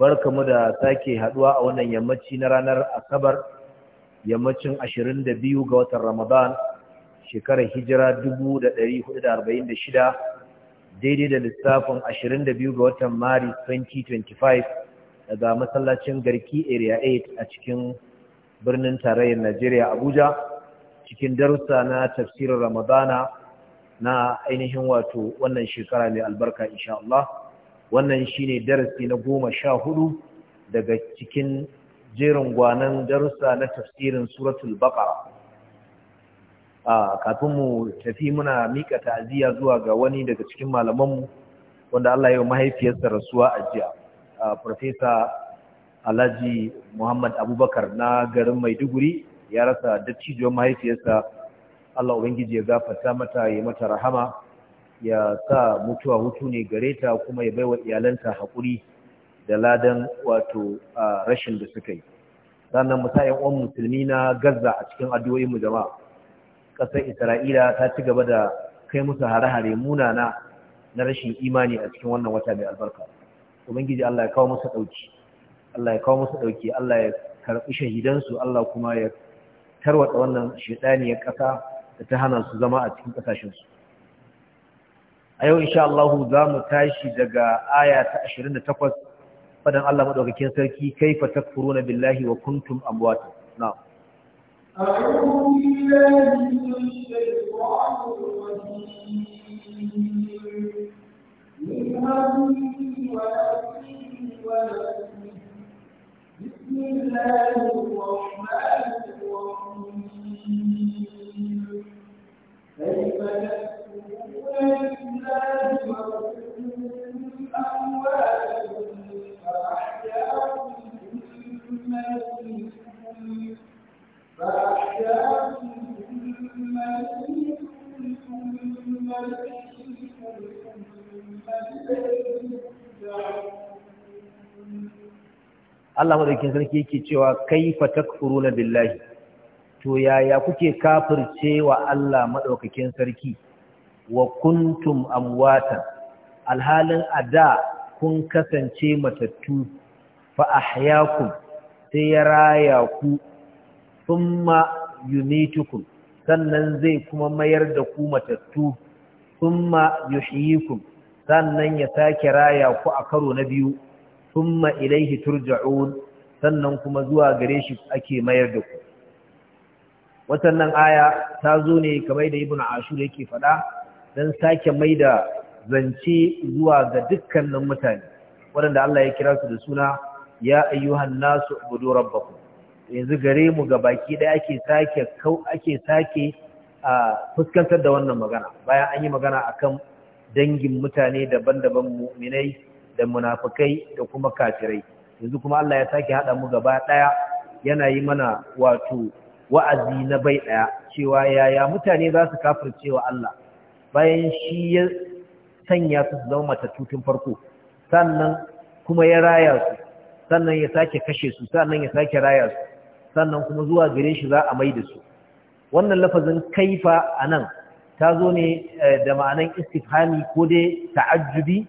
barkamu da sake haduwa a wannan yammaci na ranar asabar yammacin 22 ga watan ramadan shekarar hijira 1446 daidai da lissafin 22 ga watan maris 2025 daga masallacin garki area 8 a cikin birnin tarayyar najeriya abuja cikin darussa na tafsirin ramadana na ainihin wato wannan shekara mai albarka insha Allah wannan shine darasi na goma sha hudu daga cikin jerin gwanan darussa na tafsirin suratul baqara a kafin mu tafi muna mika ta'aziyya zuwa ga wani daga cikin malamanmu wanda Allah ya mahaifiyarsa rasuwa a jiya professor Alhaji Muhammad Abubakar na garin Maiduguri ya rasa dattijon mahaifiyarsa Allah ubangiji ya gafata mata ya mata rahama ya sa mutuwa hutu ne gare ta kuma ya baiwa iyalanta haƙuri da ladan wato a rashin da suka yi sannan musa yan uwan musulmi na gaza a cikin addu'o'in mu jama'a ƙasar isra'ila ta ci gaba da kai musu hare-hare munana na rashin imani a cikin wannan wata mai albarka ubangiji allah ya kawo musu ɗauki allah ya kawo musu ɗauki allah ya karɓi shahidansu allah kuma ya tarwata wannan shaɗaniyar ƙasa da ta hana su zama a cikin ƙasashensu a yau insha Allah za mu tashi daga aya ta 28 fadan Allah madaukakin sarki kaifa takfuruna billahi wa kuntum amwat na'am a'udhu billahi Allah madaukin sarki yake cewa kai furu na billahi to yaya kuke kafirce wa Allah madaukakin sarki wa kuntum amwatan alhalin ada kun kasance matattu fa ahyakum sai ya raya ku thumma yumitukum sannan zai kuma mayar da ku matattu thumma yuhyikum sannan ya sake raya ku a karo na biyu thumma ilayhi turja'un sannan kuma zuwa gare shi ake mayar da ku watannan aya ta zo ne kamar da ibnu ashur yake faɗa don sake mai da zance zuwa ga dukkanin mutane waɗanda Allah ya kira su da suna ya ayyuhan nasu budu rabbakum yanzu gare mu ga baki ɗaya ake sake kau ake sake a fuskantar da wannan magana bayan an yi magana akan dangin mutane daban-daban mu'minai da munafikai da kuma kafirai yanzu kuma Allah ya sake haɗa mu gaba ɗaya yana yi mana wato wa'azi na bai ɗaya cewa yaya mutane za su kafircewa Allah bayan shi ya sanya su su zama matattu tun farko sannan kuma ya raya su sannan ya sake kashe su sannan ya sake raya su sannan kuma zuwa gare shi za a mai da su wannan lafazin kaifa a nan ta zo ne eh, da ma'anan istifhami ko dai ta'ajjubi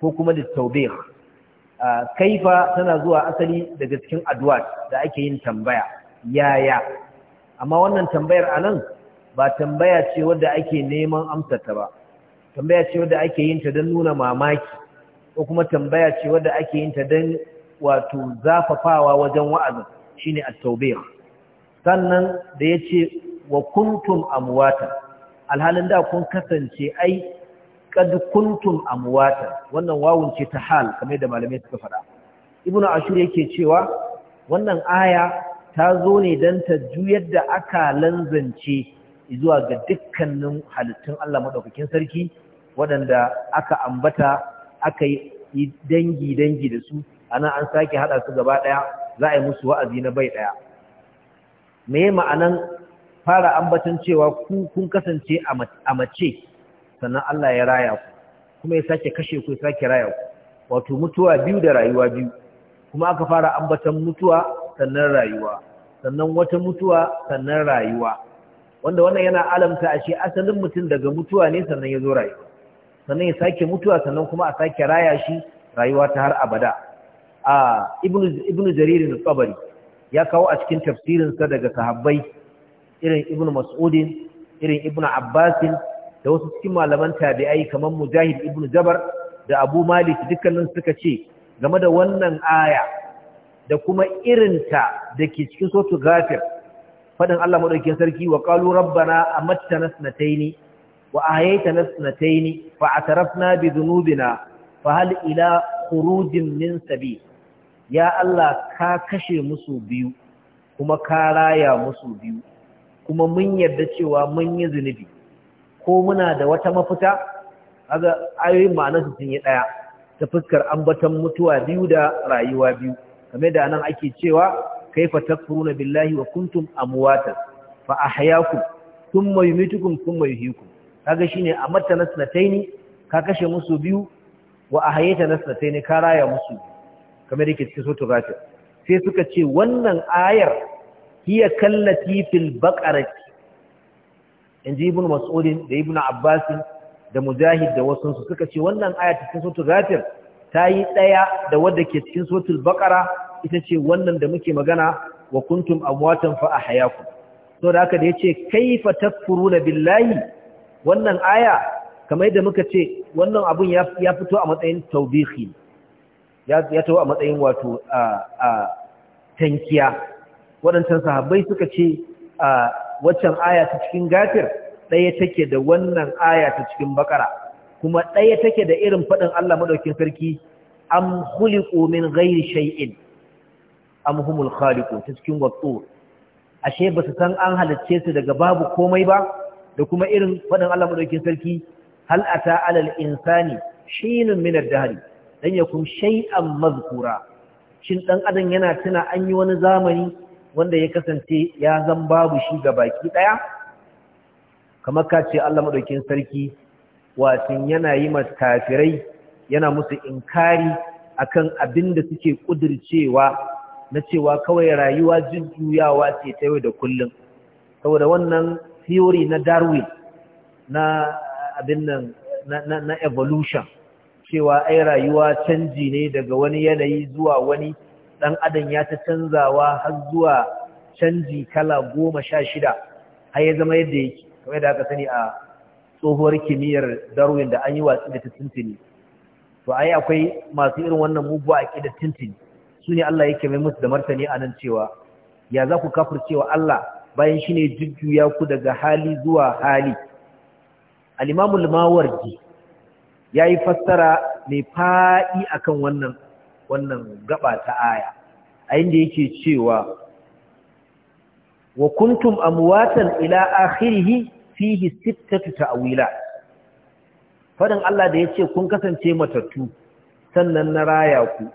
ko kuma da taubih kaifa tana zuwa asali daga cikin adwat da ake yin tambaya yaya amma wannan tambayar a nan ba tambaya ce wadda ake neman amsata ba tambaya ce wadda ake yin ta don nuna mamaki ko kuma tambaya ce wadda ake yin ta don wato zafafawa wajen wa'azin shine at-tawbih sannan da yace wa kuntum amwata alhalin da kun kasance ai kad kuntum amwata wannan wawun ce ta hal kamar da malamai suka faɗa ibnu ashur yake cewa wannan aya ta zo ne dan ta juyar da akalan zance zuwa ga dukkanin halittun Allah maɗaukakin sarki waɗanda aka ambata aka yi dangi-dangi da su a ana an sake haɗa su gaba ɗaya za a yi musu wa'azi na bai ɗaya me ma'anan fara ambatan cewa ku kun kasance a mace sannan Allah ya raya ku kuma ya sake kashe ku ya sake raya ku wato mutuwa biyu da rayuwa biyu kuma aka fara ambatan mutuwa sannan rayuwa sannan wata mutuwa sannan rayuwa wanda wannan yana alamta a shi asalin mutum daga mutuwa ne sannan ya zo rayuwa sannan ya sake mutuwa sannan kuma a sake raya shi rayuwa ta har abada a ibnu jaririn tsabari ya kawo a cikin tafsirinsa daga sahabbai irin ibnu mas'udin irin ibnu abbasin da wasu cikin malaman tabi'ai kamar mujahid ibnu jabar da abu malik dukkanin suka ce game da wannan aya da kuma irinta da ke cikin sotu gafir fadin Allah madaukakin sarki wa qalu rabbana amattana sanataini wa na sanataini fa atarafna bi dhunubina fa hal ila khurujin min sabi ya Allah ka kashe musu biyu kuma ka raya musu biyu kuma mun yarda cewa mun yi zunubi ko muna da wata mafita kaga ayoyin su sun yi ɗaya, ta fuskar ambaton mutuwa biyu da rayuwa biyu kamar da nan ake cewa kaifa na billahi wa kuntum amwatan fa ahyaakum thumma yumitukum kaga shine a matta nasnataini ka kashe musu biyu wa ahyayta nasnataini ka raya musu kamar yake cikin suratul ghafir sai suka ce wannan ayar hiya kallati fil baqarati inji ibn mas'ud da ibn abbas da mujahid da wasu suka ce wannan aya cikin suratul ghafir ta yi daya da wadda ke cikin suratul baqara ita ce wannan da muke magana wa kuntum amwatan fa ahyakum to da haka da yace kaifa takfuruna billahi wannan aya kamar da muka ce wannan abun ya ya fito a matsayin tawbihi ya ya tawo a matsayin wato a a tankiya wadannan sahabbai suka ce a waccan aya ta cikin gafir daya take da wannan aya ta cikin bakara kuma daya take da irin fadin Allah madaukakin sarki am khuliqu min ghairi shay'in am humul khaliqu ta cikin wattur ashe ba su san an halarce su daga babu komai ba da kuma irin faɗin Allah madaukakin sarki hal ata alal insani shinun min ad-dahr dan yakun shay'an mazkura shin dan adam yana tuna an yi wani zamani wanda ya kasance ya zan babu shi ga baki daya kamar ka ce Allah madaukakin sarki watin yana yi mutafirai yana musu inkari akan abinda suke kudircewa na cewa kawai rayuwa jin jujjuyawa ce ta yau da kullum saboda wannan theory na darwin na abin nan na evolution cewa ai rayuwa canji ne daga wani yanayi zuwa wani dan adam ya ta canzawa har zuwa canji kala goma sha shida har ya zama yadda yake kamar da aka sani a tsohuwar kimiyyar darwin da an yi watsi da ta tintini to ai akwai masu irin wannan mugu a ƙi da tintini su ne Allah yake mai musu da martani a nan cewa ya za ku kafircewa Allah bayan shi ne jujjuya ku daga hali zuwa hali al'imamul mawardi ya yi fassara mai faɗi akan wannan wannan gaba ta aya a inda yake cewa wa kuntum amuwatan ila akhirihi fihi sittatu Awila. Faɗin Allah da ya ce kun kasance matattu sannan na raya ku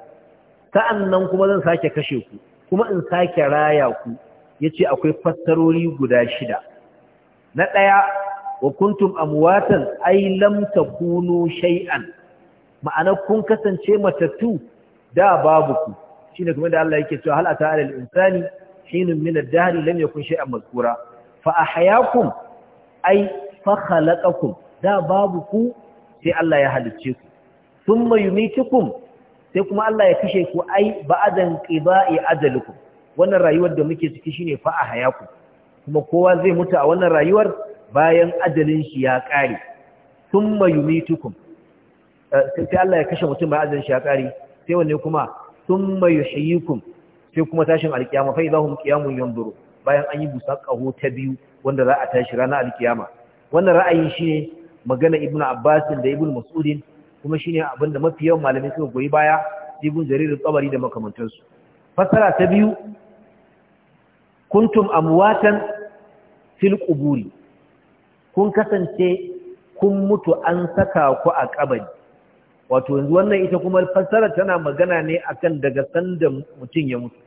sa'annan kuma zan sake kashe ku kuma in sake raya ku yace akwai fassarori guda shida na ɗaya wa kuntum muwatan ay lam takunu ma'ana kun kasance matattu da babu ku shine kuma da Allah yake cewa hal ata al insani hinun min ad lam yakun shay'an mazkura fa ahyaakum Ai fa da babu ku sai Allah ya halicce ku thumma yumitukum sai kuma Allah ya kashe ku ai ba'adan qiba'i ajalukum wannan rayuwar da muke ciki shine fa a hayaku kuma kowa zai mutu a wannan rayuwar bayan ajalin shi ya kare thumma yumitukum eh, sai Allah ya kashe mutum bayan ajalin shi ya kare sai wanne kuma thumma yuhyikum sai kuma tashin alkiyama fa idahum qiyamun yanzuru bayan an yi busa kaho ta biyu wanda za a tashi ranar alkiyama wannan ra'ayi shine magana ibnu abbasin da ibnu mas'udin kuma shine abin da mafi yawan malamai suka goyi baya ibn jarir qabari da makamantarsu. fasara ta biyu kuntum amwatan fil quburi kun kasance kun mutu an saka ku a kabari wato yanzu wannan ita kuma fasara tana magana ne akan daga sanda mutum ya mutu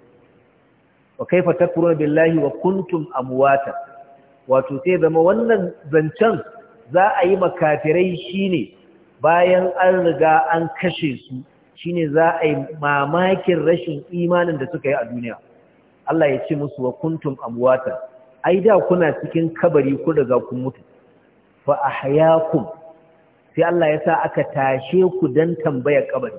wa kaifa takfuruna billahi wa kuntum amuwatan. wato sai zama wannan zancen za a yi makafirai shine bayan an riga an kashe su shine za a yi mamakin rashin imanin da suka yi a duniya Allah ya ce musu wa kuntum amwata ai da kuna cikin kabari ku riga ku mutu fa ahyaakum sai Allah ya sa aka tashe ku dan tambaya kabari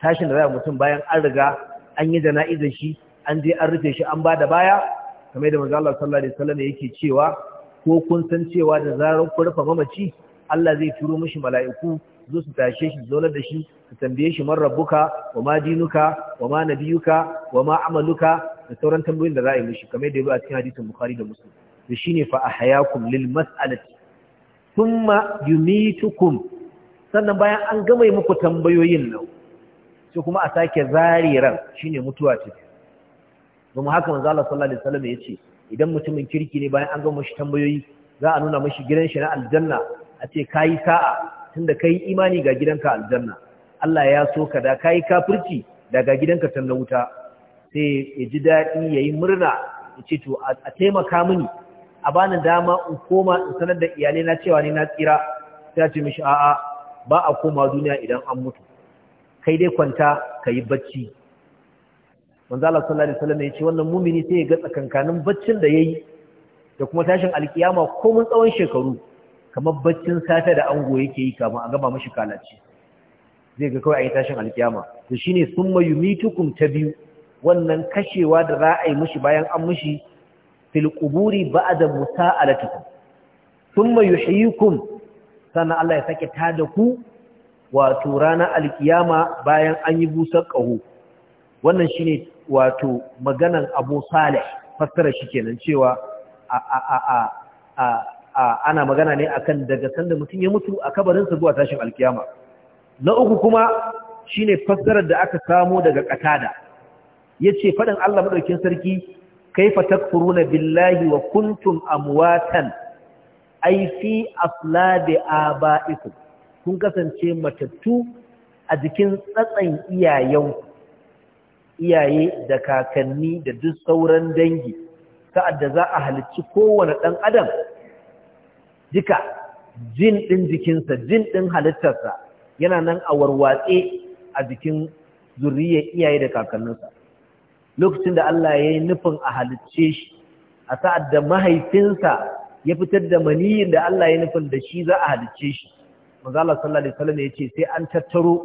tashin da za mutum bayan an riga an yi jana'izar shi an je an rufe shi an bada baya kamar da manzo Allah sallallahu alaihi wasallam yake cewa ko kun san cewa da zarar ku rufe mamaci Allah zai turo mishi mala'iku zo su tashe shi zolar da shi su tambaye shi man rabbuka wa ma dinuka wa ma nabiyuka wa ma amaluka da sauran tambayoyin da za a yi mishi kamar da ya a cikin hadisin bukhari da muslim to shine fa ahyakum lil mas'alati thumma yumitukum sannan bayan an gama yi muku tambayoyin nan sai kuma a sake zari ran shine mutuwa ce domin haka manzo Allah sallallahu alaihi wasallam ce, idan mutumin kirki ne bayan an gama shi tambayoyi za a nuna mashi gidan shi na aljanna a ce ka yi sa'a tunda yi imani ga gidanka aljanna Allah ya so ka da ka yi kafirci daga gidanka na wuta sai ya ji daɗi ya yi murna ya ce to a taimaka mini a bani dama in koma in sanar da iyalai na cewa ne na tsira sai ce mishi a'a ba a koma duniya idan an mutu kai dai kwanta kayi bacci manzo Allah sallallahu alaihi ya ce wannan mumini sai ya ga tsakankanin baccin da yayi da kuma tashin alkiyama mun tsawon shekaru kamar baccin safe da ango yake yi kama a gaba mashi kalace zai ga kawai a yi tashin alkiyama to shi ne sun mayu mitukun ta biyu wannan kashewa da za a yi mashi bayan an mashi filƙuburi ba a da musa alatukun sun mayu shayikun sannan Allah ya sake ta da ku wato ranar alkiyama bayan an yi busar ƙaho wannan shi ne wato maganan abu salih fassara shi kenan cewa a ana magana ne akan daga sanda mutum ya mutu a kabarinsa zuwa tashin alkiyama na uku kuma shine fassarar da aka samo daga katada yace fadin Allah madaukin sarki kaifa takfuruna billahi wa kuntum amwatan ay fi aslabi abaikum kun kasance matattu a jikin tsatsan iyayen iyaye da kakanni da duk sauran dangi sa'ad da za a halicci kowane ɗan adam duka jin ɗin jikinsa jin ɗin halittarsa yana nan a warwatse a jikin zurriyar iyaye da kakanninsa lokacin da Allah ya yi nufin a halicce shi a sa'ad da mahaifinsa ya fitar da maniyin da Allah ya yi nufin da shi za a halicce shi mazala sallallahu alaihi wasallam ya ce sai an tattaro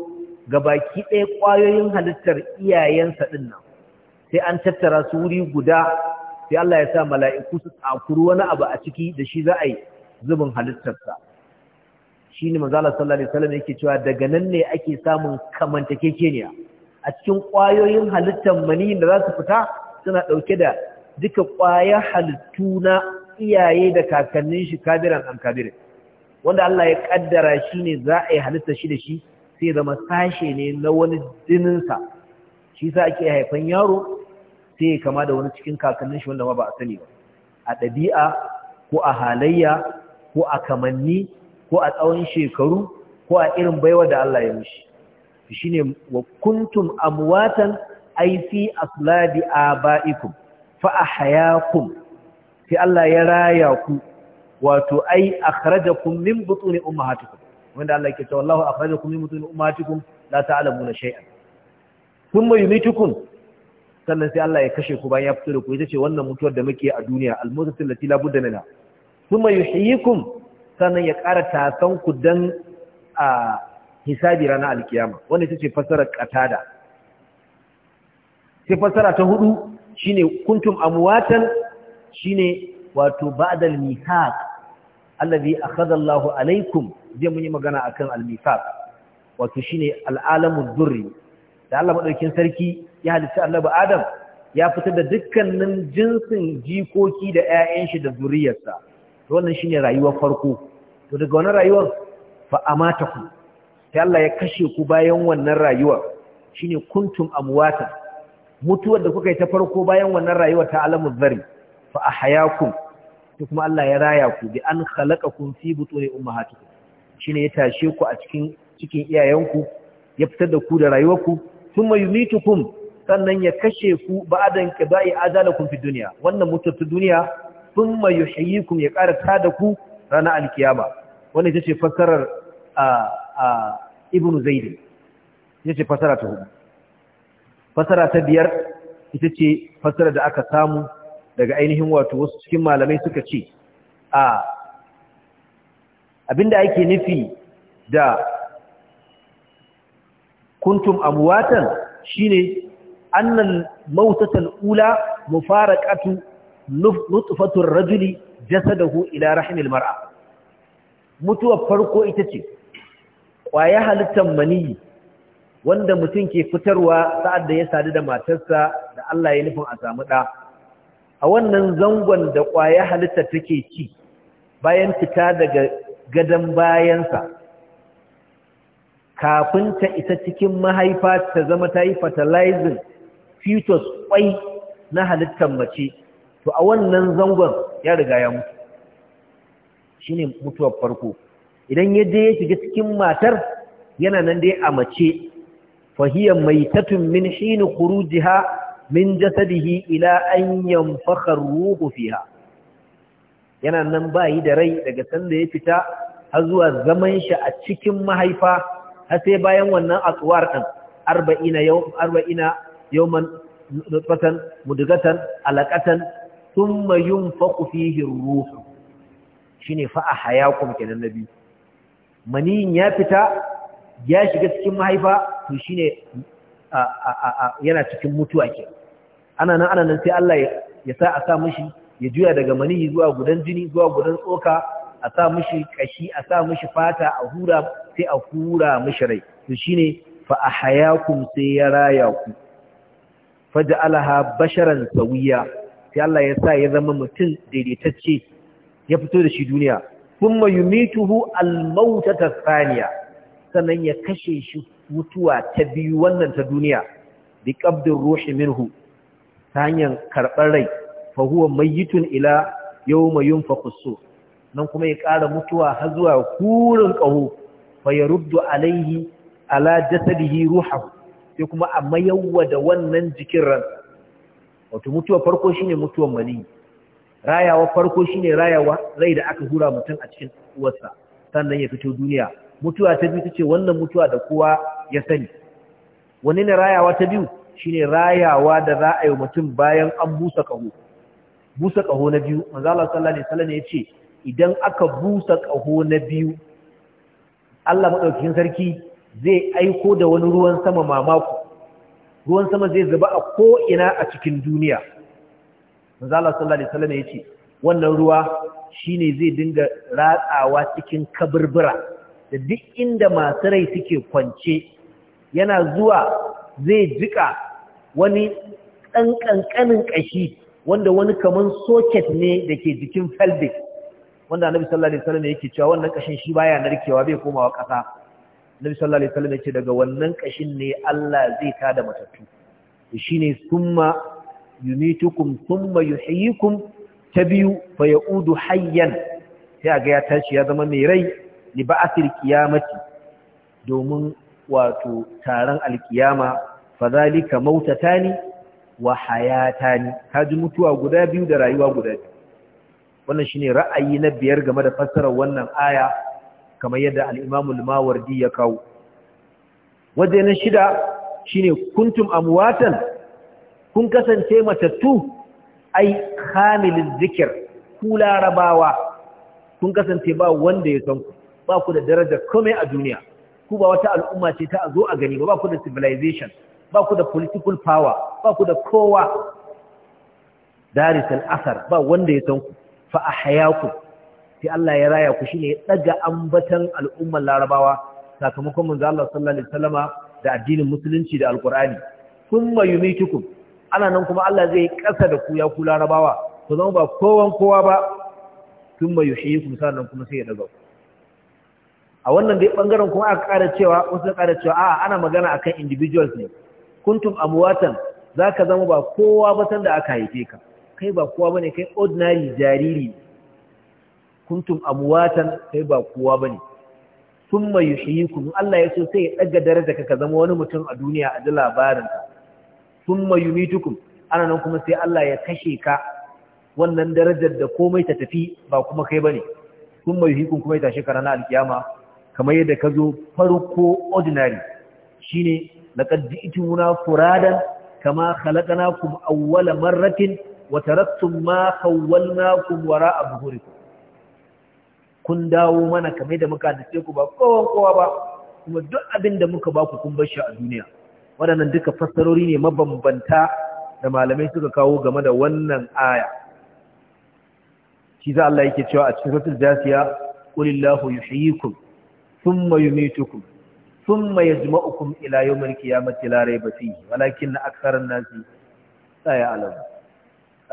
ga baki ɗaya ƙwayoyin halittar iyayensa ɗin nan sai an tattara su wuri guda sai Allah ya sa mala'iku su tsakuru wani abu a ciki da shi za a yi zubin halittarsa shi ne manzala sallallahu alaihi wasallam yake cewa daga nan ne ake samun kamantakekeniya a cikin ƙwayoyin halittar mani da za su fita suna ɗauke da duka ƙwayar halittu na iyaye da kakannin shi kabiran an kabirin wanda Allah ya kaddara shi ne za a yi halittar shi da shi sai zama sashe ne na wani jininsa shi sa ake haifan yaro sai ya kama da wani cikin kakannin shi wanda ma ba a sani ba a ɗabi'a ko a halayya ko a kamanni ko a tsawon shekaru ko a irin baiwa da Allah ya mishi shine wa kuntum amwatan ay fi asladi abaikum fa ahyaakum sai Allah ya raya ku wato ai akhrajakum min butuni ummahatikum wanda Allah yake cewa wallahu akhrajakum min butuni ummahatikum la ta'lamuna shay'an thumma yumitukum sannan sai Allah ya kashe ku bayan ya fito da ku ita ce wannan mutuwar da muke a duniya al-mutatil lati la budda lana kuma yuhiyikum sannan ya ƙara tasan ku dan a hisabi ranar alkiyama wanda ita ce fasara katada sai fasara ta hudu shine kuntum amwatan shine wato ba'dal mithaq allazi akhadha Allahu alaikum zai mun yi magana akan al-mithaq wato shine al-alamud durri da Allah madaukin sarki ya halitta annabi Adam ya fitar da dukkanin jinsin jikoki da 'ya'yan shi da zuriyarsa wannan shine rayuwar farko to daga wannan rayuwar fa amataku sai Allah ya kashe ku bayan wannan rayuwar shine kuntum amwata mutuwar da kuka yi ta farko bayan wannan rayuwar ta alamul zari fa ahyaakum to kuma Allah ya raya ku bi an khalaqakum fi butuni ummahatikum shine ya tashe ku a cikin cikin iyayenku ya fitar da ku da rayuwar ku thumma yumitukum sannan ya kashe ku ba'dan qada'i azalakum fi dunya wannan mutuwar ta duniya thumma yuhyikum ya ƙara ta da ku rana alkiyama wannan ita ce a ibnu zaidi ita ce fasara ta hudu Fasara ta biyar ita ce fasara da aka samu daga ainihin wato wasu cikin malamai suka ce a abinda ake nufi da kuntum muwatan shine annan mautatan ula mufaraqatu nutfatun rajuli jasadahu ila rahimil mar'a mutuwar farko ita ce ƙwaya halittar maniyi wanda mutum ke fitarwa sa'ad da ya sadu da matarsa da Allah ya nufin a samu ɗa a wannan zangon da ƙwaya halittar take ci bayan fita daga gadon bayansa kafin ta isa cikin mahaifa ta zama ta yi fertilizing fetus ƙwai na halittar mace to a wannan zangon ya riga ya mutu shine mutuwar farko idan ya je ya shiga cikin matar yana nan dai a mace fahiya maitatun min hini khurujiha min jasadihi ila an yanfakha ruhu fiha yana nan bayi da rai daga sanda ya fita har zuwa zaman shi a cikin mahaifa har sai bayan wannan atsuwar ɗin, 40 yau 40 man nutfatan mudugatan alaqatan thumma yunfaqu fihi ar-ruh shine fa ahyakum kenan nabi maniyin ya fita ya shiga cikin mahaifa to shine yana cikin mutuwa ke ana nan ana nan sai Allah ya sa a sa mishi ya juya daga maniyi zuwa gudan jini zuwa gudan tsoka a sa mishi kashi a sa mishi fata a hura sai a hura mishi rai to shine fa ahyaakum sai ya raya ku faj'alaha basharan sawiya sai Allah ya sa ya zama mutum daidaitacce ya fito da shi duniya kuma yumituhu al-mautata thaniya sannan ya kashe shi mutuwa ta biyu wannan ta duniya bi qabdir ruhi minhu ta hanyar karɓar rai fa huwa mayyitun ila yawma yunfakhu su nan kuma ya ƙara mutuwa har zuwa kurin ƙaho fa yaruddu alaihi ala jasadihi ruhahu sai kuma a mayawwa da wannan jikin ransa wato mutuwa farko shine mutuwar mali rayawa farko shine rayawa rai da aka hura mutum a cikin uwarsa sannan ya fito duniya mutuwa ta biyu tace wannan mutuwa da kowa ya sani wani ne rayawa ta biyu shine rayawa da za a yi mutum bayan an busa kaho busa kaho na biyu manzo Allah sallallahu alaihi wasallam yace idan aka busa kaho na biyu Allah madaukakin sarki zai aiko da wani ruwan sama mamako ruwan sama zai zuba a ko'ina a cikin duniya manzo Allah sallallahu alaihi wasallam yace wannan ruwa shine zai dinga ratsawa cikin kaburbura da duk inda masu rai suke kwance yana zuwa zai jika wani ɗan ƙanƙanin ƙashi wanda wani kamar soket ne da ke jikin pelvic wanda annabi sallallahu alaihi wasallam yake cewa wannan ƙashin shi baya narkewa bai komawa ƙasa nabi sallallahu alaihi wasallam ce daga wannan kashin ne Allah zai tada matattu shine summa yumitukum summa yuhyikum biyu, fa yaudu hayyan sai ga ya tashi ya zama mai rai li ba'athil qiyamati domin wato taron alkiyama fadhalika mautatani wa hayatani kaji mutuwa guda biyu da rayuwa guda biyu wannan shine ra'ayi na biyar game da fassarar wannan aya kamar yadda al'imamul imam di mawardi ya kawo waje na shida shine kuntum amwatan kun kasance matattu ai kamilin zikir ku larabawa kun kasance ba wanda ya san ku ba ku da daraja komai a duniya ku ba wata al'umma ce ta zo a gani ba ba ku da civilization ba ku da political power ba ku da kowa darisal asar ba wanda ya san ku fa a hayaku sai Allah ya raya ku shine ya daga ambatan al'ummar larabawa sakamakon manzo Allah sallallahu alaihi wasallama da addinin musulunci da alqur'ani thumma yumitukum ana nan kuma Allah zai kasa da ku ya ku larabawa ku zama ba kowan kowa ba thumma yuhyikum sannan kuma sai ya daga a wannan dai bangaren kuma aka ƙara cewa wasu ƙara cewa a ana magana akan individuals ne kuntum amwatan zaka zama ba kowa ba sanda aka haife ka kai ba kowa bane kai ordinary jariri kuntum amwatan sai ba kowa bane thumma yuhyikum Allah ya so sai ya daga daraja ka zama wani mutum a duniya a ji labarin ka thumma yumitukum ana nan kuma sai Allah ya kashe ka wannan darajar da komai ta tafi ba kuma kai bane thumma yuhyikum kuma ya tashi ka ranar alkiyama kamar yadda ka zo farko ordinary shine laqad ji'tumuna furadan kama khalaqnakum awwala marratin wa taraktum ma khawwalnakum wara'a zuhurikum kun dawo mana kamar da muka dace ku ba kowan kowa ba kuma duk abin da muka baku kun bar shi a duniya waɗannan duka fassarori ne mabambanta da malamai suka kawo game da wannan aya shi za Allah yake cewa a cikin suratul jasiya qulillahu yuhyikum thumma yumitukum thumma yajma'ukum ila yawmil qiyamati la rayba fihi walakinna aktharan nasi la ya'lamun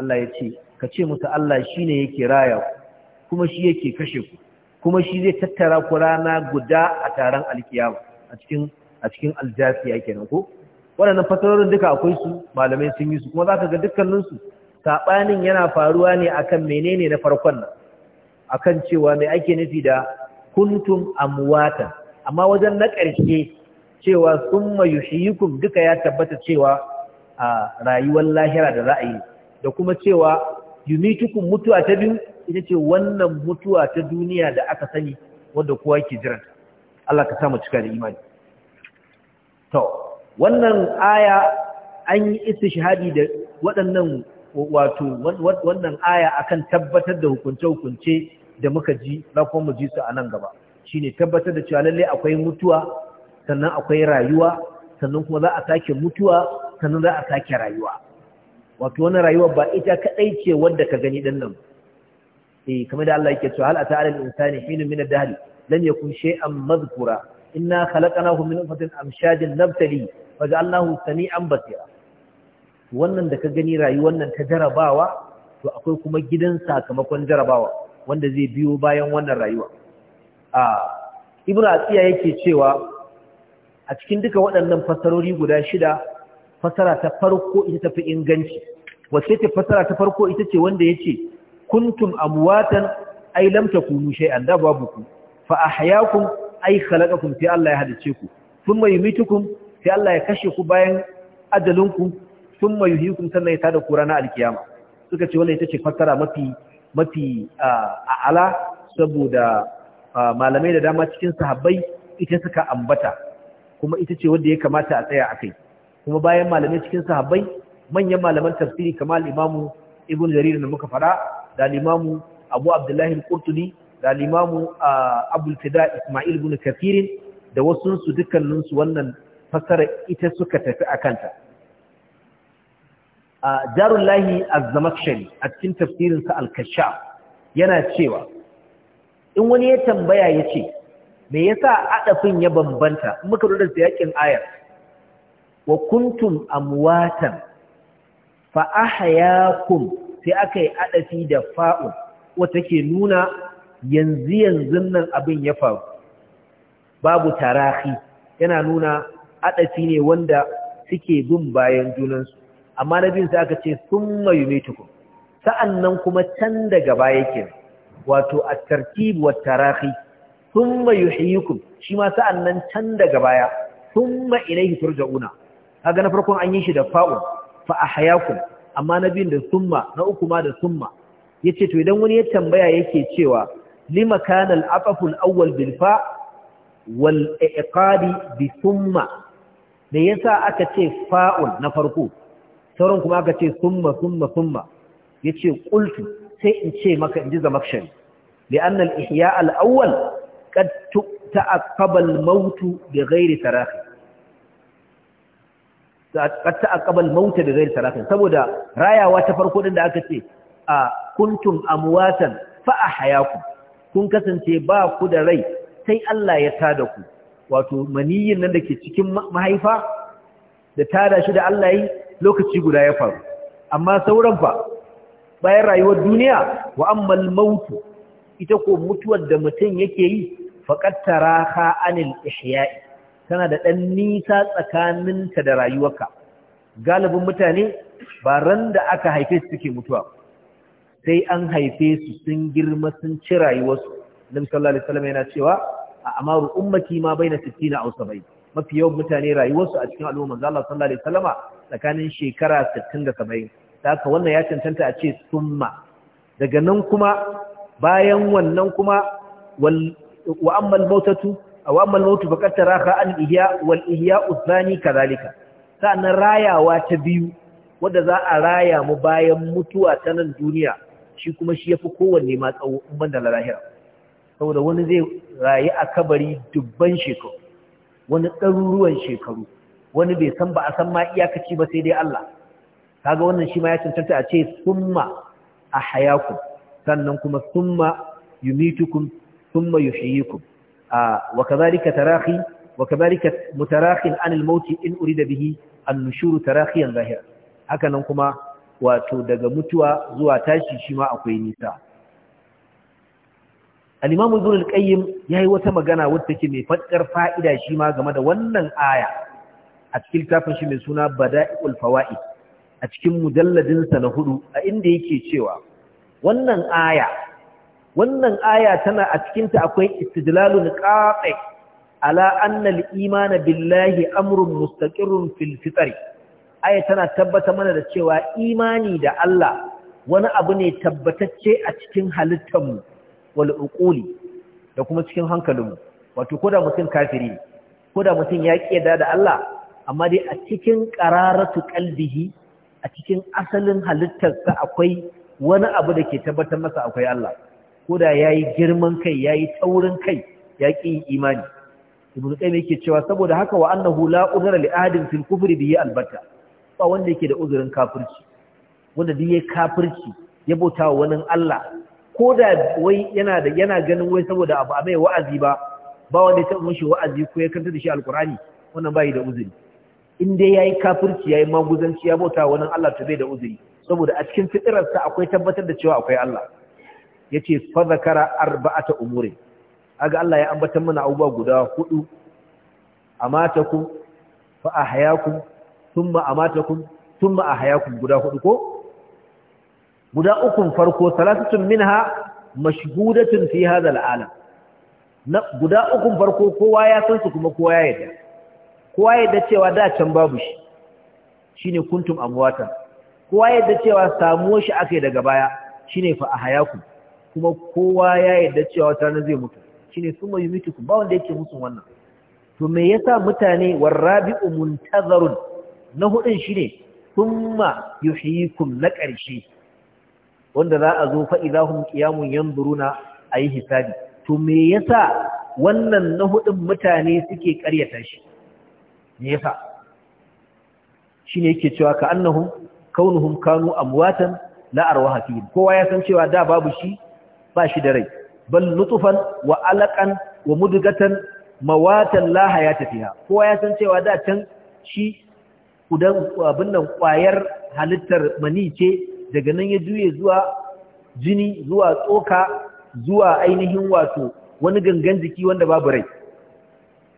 Allah ya ce ka ce musu Allah shine yake raya ku kuma shi yake kashe ku kuma shi zai tattara ku rana guda a taron alkiyama a cikin a cikin aljasiya kenan ko wannan fasarorin duka akwai su malamai sun yi su kuma zaka ga dukkanin su sabanin yana faruwa ne akan menene na farkon nan akan cewa mai ake nufi da kuntum amwata amma wajen na ƙarshe cewa summa yuhyikum duka ya tabbata cewa a rayuwar lahira da ra'ayi da kuma cewa yumitukum mutuwa ta biyu ita ce wannan mutuwa ta duniya da aka sani wadda kowa ke jiran Allah ka samu cika da imani to wannan aya an yi istishhadi da waɗannan wato wannan aya akan tabbatar da hukunce-hukunce da muka ji za kuma mu ji su a nan gaba shine tabbatar da cewa lalle akwai mutuwa sannan akwai rayuwa sannan kuma za a sake mutuwa sannan za a sake rayuwa wato wannan rayuwa ba ita kadai ce wadda ka gani din nan eh kamar da Allah yake cewa hal ata alal insani hinun min ad-dahr lam yakun shay'an madhkura inna khalaqnahu min nutfatin amshajin nabtali waja'alnahu sami'an basira wannan da ka gani rayuwar nan ta jarabawa to akwai kuma gidan sakamakon jarabawa wanda zai biyo bayan wannan rayuwa a ibnu asiya yake cewa a cikin duka waɗannan fasarori guda shida fasara ta farko ita tafi inganci wace ce fasara ta farko ita ce wanda yace kuntum amwatan ai lam takunu shay'an da babu ku fa ahyaakum ai khalaqakum sai Allah ya halice ku thumma yumitukum sai Allah ya kashe ku bayan ajalinku thumma yuhyikum sannan ya tada ku ranar alkiyama suka ce wannan ita ce fassara mafi mafi a'ala saboda malamai da dama cikin sahabbai ita suka ambata kuma ita ce wanda ya kamata a tsaya akai kuma bayan malamai cikin sahabbai manyan malaman tafsiri kamar imamu ibn jarir da muka fara da limamu abu abdullahi al-qurtubi da limamu abul fida ismail ibn kathir da wasu su dukkanin su wannan fasara ita suka tafi akanta jarullahi az-zamakhshari a cikin tafsirin sa al-kashaf yana cewa in wani ya tambaya yace me yasa adafin ya bambanta muka rudar da yakin ayar wa kuntum amwatan fa ahyaakum sai aka yi adafi da fa'un wata ke nuna yanzu yanzu nan abin ya faru babu tarahi yana nuna adafi ne wanda suke bin bayan junansu amma na biyun sai aka ce sun mayu metukun sa'annan kuma can daga baya ke wato a tartibu wa tarahi sun mayu hiyukun shi ma sa'annan can daga baya sun ma ilaihi turja'una kaga na farkon an yi shi da fa'un fa a hayakun amma na biyun da summa na uku ma da summa yace to idan wani ya tambaya yake cewa lima kana al-afafu al-awwal bil fa wal iqadi bi summa me yasa aka ce fa'ul na farko sauran kuma aka ce summa summa summa yace qultu sai in ce maka inji zamakshari li'anna al-ihya al-awwal qad ta'aqqaba al-maut bi ghairi tarahi qatta aqbal maut da zai salatin saboda rayawa ta farko din da aka ce a kuntum amwatan fa ahyakum kun kasance ba ku da rai sai Allah ya tada ku wato maniyin nan da ke cikin mahaifa da tada shi da Allah yi lokaci guda ya faru amma sauran fa bayan rayuwar duniya wa ammal ita ko mutuwar da mutum yake yi faqad taraha anil ihya'i tana da ɗan nisa tsakaninta da rayuwarka galibin mutane ba ran da aka haife su suke mutuwa sai an haife su sun girma sun ci rayuwarsu nabi sallallahu alaihi wasallam yana cewa a amaru ummati ma baina 60 aw 70 mafi yawan mutane rayuwarsu a cikin al'umma manzo Allah sallallahu alaihi wasallama tsakanin shekara 60 da 70 haka wannan ya cancanta a ce summa daga nan kuma bayan wannan kuma wa ammal mautatu wa amma al-mautu faqad taraka an ihya wal ihya uthani kadhalika rayawa ta biyu wanda za a raya mu bayan mutuwa ta nan duniya shi kuma shi yafi kowanne ma tsawo in banda lahira saboda wani zai rayu a kabari dubban shekaru wani ɗaruruwan shekaru wani bai san ba a san ma iyakaci ba sai dai Allah kaga wannan shi ma ya cancanta a ce summa a hayakum sannan kuma summa yumitukum summa yuhyikum wa kadhalika tarahi wa kadhalika mutarahin an al-maut in urida bihi an-nushur tarahiyan haka nan kuma wato daga mutuwa zuwa tashi shi ma akwai nisa al-imam ibn al-qayyim yayi wata magana wadda ke mai fakkar fa'ida shi ma game da wannan aya a cikin tafin shi mai suna bada'iul fawaid a cikin mujalladinsa na hudu a inda yake cewa wannan aya wannan aya tana a cikinta akwai istidlalun qati ala anna al-iman billahi amrun mustaqirrun fil fitri aya tana tabbata mana da cewa imani da Allah wani abu ne tabbatacce a cikin halittarmu wal uquli da kuma cikin hankalinmu wato koda mutum kafiri koda mutum ya kiyada da Allah amma dai a cikin qararatu qalbihi a cikin asalin halittarsa akwai wani abu da ke tabbatar masa akwai Allah Koda yayi girman kai yayi taurin kai yaki imani ibnu qayyim yake cewa saboda haka wa annahu la udhra li ahadin fil kufri bihi albatta ba wanda yake da uzurin kafirci wanda duk yayi kafirci ya bautawa wani Allah koda wai yana da yana ganin wai saboda abu a mai wa'azi ba ba wanda ya taɓa wa'azi ko ya kanta da shi alqurani wannan bai da uzuri in dai yayi kafirci yayi maguzanci ya bautawa wani Allah to bai da uzuri saboda a cikin fitirarsa akwai tabbatar da cewa akwai Allah yace fa zakara arba'ata umuri aga Allah ya ambata mana abubuwa guda hudu amatakum fa ahyakum thumma amatakum thumma ahyakum guda hudu ko guda ukun farko salatun minha mashhudatun fi hadha al'alam na guda ukun farko kowa ya san su kuma kowa ya yarda kowa ya yarda cewa da can babu shi shine kuntum amwata kowa ya yarda cewa samuwar shi akai daga baya shine fa ahyakum kuma kowa ya yarda cewa wata na zai mutu shine mutu ku ba wanda yake musu wannan to me yasa mutane warabi'u muntazarun na hudun shine summa yuhyikum na ƙarshe wanda za a zo fa idahum qiyamun yanzuruna ayi hisabi to me yasa wannan na hudun mutane suke ƙaryata shi me yasa shine yake cewa ka annahum kaunuhum kanu a muwatan arwaha kowa ya san cewa da babu shi ba shi da rai bal nutufan wa alaqan wa mudgatan mawatan la hayata fiha kowa ya san cewa da can shi kudan abin nan kwayar halittar mani ce daga nan ya juye zuwa jini zuwa tsoka zuwa ainihin wato wani gangan jiki wanda babu rai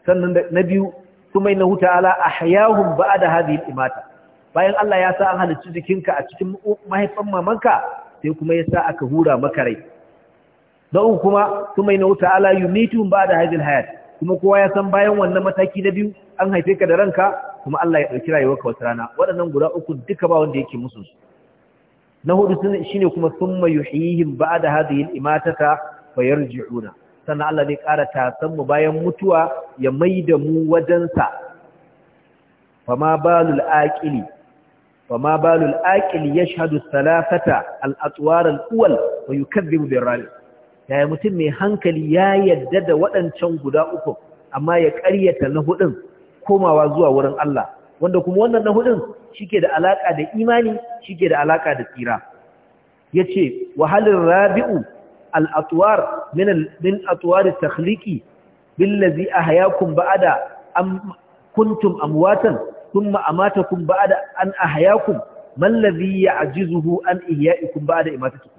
sannan na biyu kuma inna hu ta'ala ahyahum ba'da hadhihi al-imata bayan Allah ya sa an halicci jikinka a cikin mahaifan mamanka sai kuma ya sa aka hura maka rai da uku kuma kuma inna ta'ala yumituhum ba'da hadhihi alhayat kuma kowa ya san bayan wannan mataki na biyu an haife ka da ranka kuma Allah ya dauki rayuwarka wata rana waɗannan guda uku duka ba wanda yake musu na hudu shine kuma summa yuhyihim ba'da hadhihi alimatata fayarji'una sannan Allah zai ƙara tasan mu bayan mutuwa ya maida mu wajensa fama balul aqili fama balul aqili yashhadu thalathata al-atwar al-awwal wa yukaththibu bir yaya mutum mai hankali ya yadda da waɗancan guda uku amma ya ƙaryata na hudun komawa zuwa wurin Allah wanda kuma wannan na hudun shike da alaka da imani shike da alaka da tsira yace wahalin rabi'u al-atwar min min atwar at-takhliqi billazi ahyakum ba'da am kuntum amwatan thumma amatakum ba'da an ahyakum man ladhi ya'jizuhu an ihya'ikum ba'da imatakum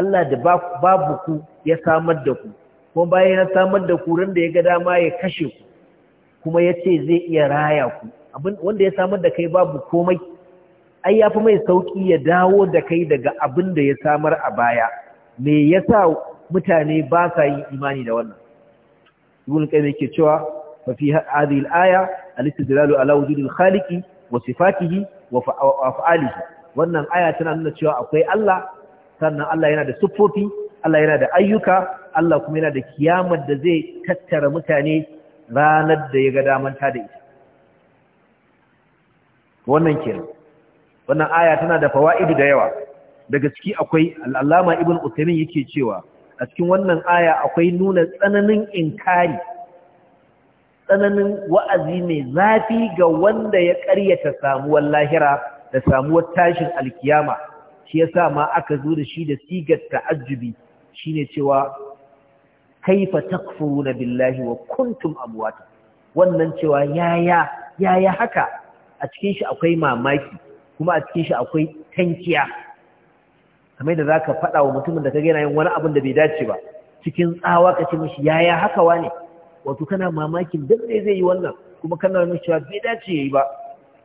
Allah da babu ku ya samar da ku kuma bayan ya samar da ku ran da ya ga dama ya kashe ku kuma ya ce zai iya raya ku abin wanda ya samar da kai babu komai ai ya fi mai sauƙi ya dawo da kai daga abin da ya samar a baya me yasa mutane ba sa yin imani da wannan ibn qayyim yake cewa fa fi hadhihi al-aya al-istidlalu ala wujudi al-khaliqi wa sifatihi wa af'alihi wannan aya tana nuna cewa akwai Allah sannan Allah yana da siffofi Allah yana da ayyuka Allah kuma yana da kiyamar da zai tattara mutane ranar da ya ga damanta da ita wannan kenan wannan aya tana da fawa'idu da yawa daga ciki akwai al'allama ibn utaimin yake cewa a cikin wannan aya akwai nuna tsananin inkari tsananin wa'azi mai zafi ga wanda ya karyata samuwar lahira da samuwar tashin alkiyama shi yasa ma aka zo da shi da sigar ta'ajjubi shine cewa kaifa takfuruna billahi wa kuntum amwata wannan cewa yaya yaya haka a cikin shi akwai mamaki kuma a cikin shi akwai tankiya kamar da zaka faɗa wa mutumin da ka yana yin wani abin da bai dace ba cikin tsawa ka ce mishi yaya haka wane wato kana mamakin dan ne zai yi wannan kuma kana mishi cewa bai dace yi ba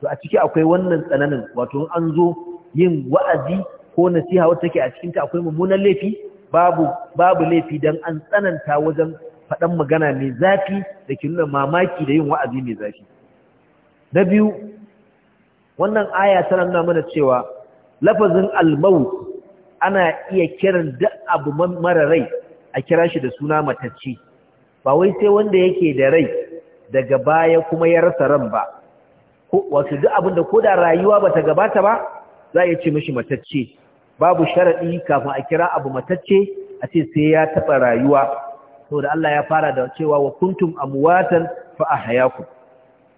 to a ciki akwai wannan tsananin wato an zo yin wa'azi ko nasiha wacce take a cikin ta akwai mummunan laifi babu babu laifi dan an tsananta wajen faɗan magana mai zafi da ke nuna mamaki da yin wa'azi mai zafi na biyu wannan aya tana nuna mana cewa lafazin al-maut ana iya kiran duk abu mara rai a kira shi da suna matacce ba wai sai wanda yake da rai daga baya kuma ya rasa ran ba wasu duk abinda ko da rayuwa bata gabata ba za a ce mishi matacce babu sharaɗi kafin a kira abu matacce a ce sai ya taba rayuwa da Allah ya fara da cewa wa kuntum amwatan fa ahyaakum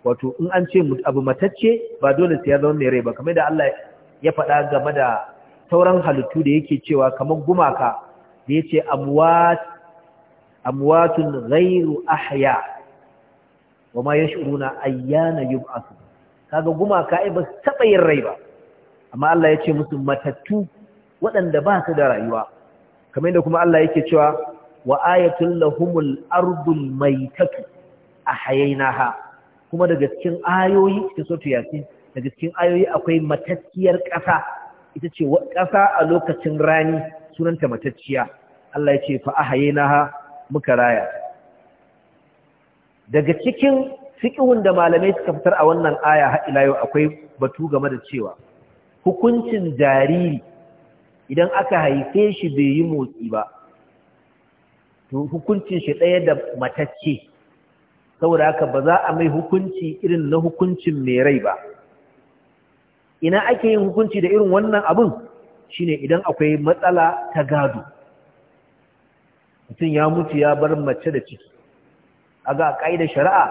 wato in an ce abu matacce ba dole sai ya zama mai rai ba kamar da Allah ya faɗa game da sauran halittu da yake cewa kamar gumaka da yace amwat amwatun ghairu ahya wama yash'uruna ayyana yub'ath kaga gumaka ai ba su taba yin rai ba amma Allah ya ce musu matattu waɗanda ba su da rayuwa kamar da kuma Allah yake cewa wa ayatul lahumul ardul maitatu ahyaynaha kuma daga cikin ayoyi cikin sura yasin daga cikin ayoyi akwai matacciyar ƙasa ita ce ƙasa a lokacin rani sunanta matacciya Allah ya ce fa ahyaynaha muka raya daga cikin fiqhun da malamai suka fitar a wannan aya har ila yau akwai batu game da cewa hukuncin jariri idan aka haife shi bai yi motsi ba to hukuncin shi ɗaya da matacce saboda haka ba za a mai hukunci irin na hukuncin mai rai ba ina ake yin hukunci da irin wannan abin shine idan akwai matsala ta gado mutum ya mutu ya bar mace da ciki a ga shari'a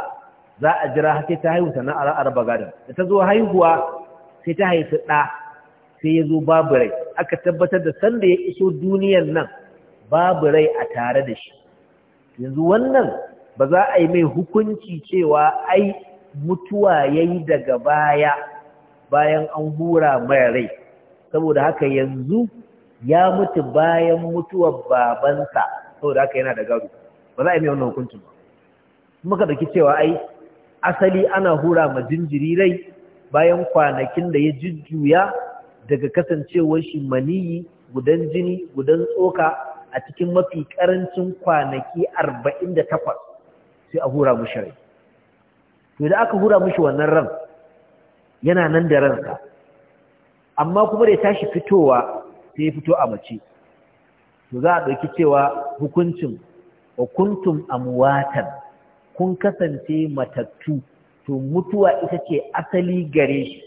za a jira sai ta haihu sannan a ra'ar bagadin. da ta zo haihuwa sai ta haifi ɗa sai ya zo babu rai aka tabbatar da sanda ya iso duniyan nan babu rai a tare da shi yanzu wannan ba za a yi mai hukunci cewa ai mutuwa ya yi daga baya bayan an hura mai rai saboda haka yanzu ya mutu bayan mutuwar babansa saboda haka yana da gado ba za a yi mai wannan hukuncin ba muka daki cewa ai asali ana hura ma jinjiri rai bayan kwanakin da ya jujjuya daga kasancewar shi maniyi gudan jini gudan tsoka a cikin mafi karancin kwanaki arba'in 48 sai a hura mushi rai to da aka hura mushi wannan ran yana nan da ransa amma kuma da ya tashi fitowa sai ya fito a mace to za a ɗauki cewa hukuncin wa kuntum muwatan, kun kasance matattu to mutuwa ita ce asali gare shi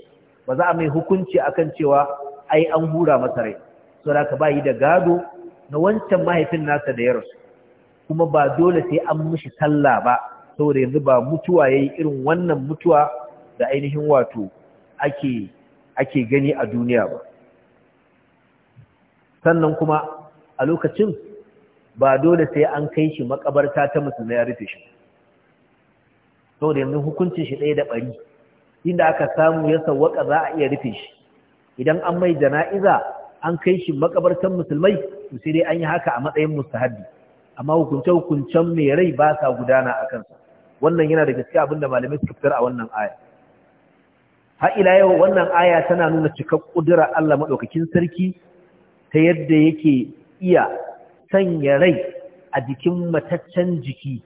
ba za a mai hukunci akan cewa ai an hura masa rai so da ka ba da gado na wancan mahaifin nasa da ya rasu kuma ba dole sai an mishi sallah ba saboda yanzu ba mutuwa yayi irin wannan mutuwa da ainihin wato ake ake gani a duniya ba sannan kuma a lokacin ba dole sai an kai shi makabarta ta musulmai a rufe shi saboda yanzu hukuncin shi ɗaya da ɓari inda aka samu ya sawwaka za a iya rufe shi idan an mai jana'iza an kai shi makabartan musulmai to sai dai an yi haka a matsayin mustahabi amma hukunce hukuncen mai rai ba sa gudana a kansa wannan yana da gaskiya abinda malamai suka fitar a wannan aya har ila yau wannan aya tana nuna cikar kudura Allah madaukakin sarki ta yadda yake iya sanya rai a jikin mataccen jiki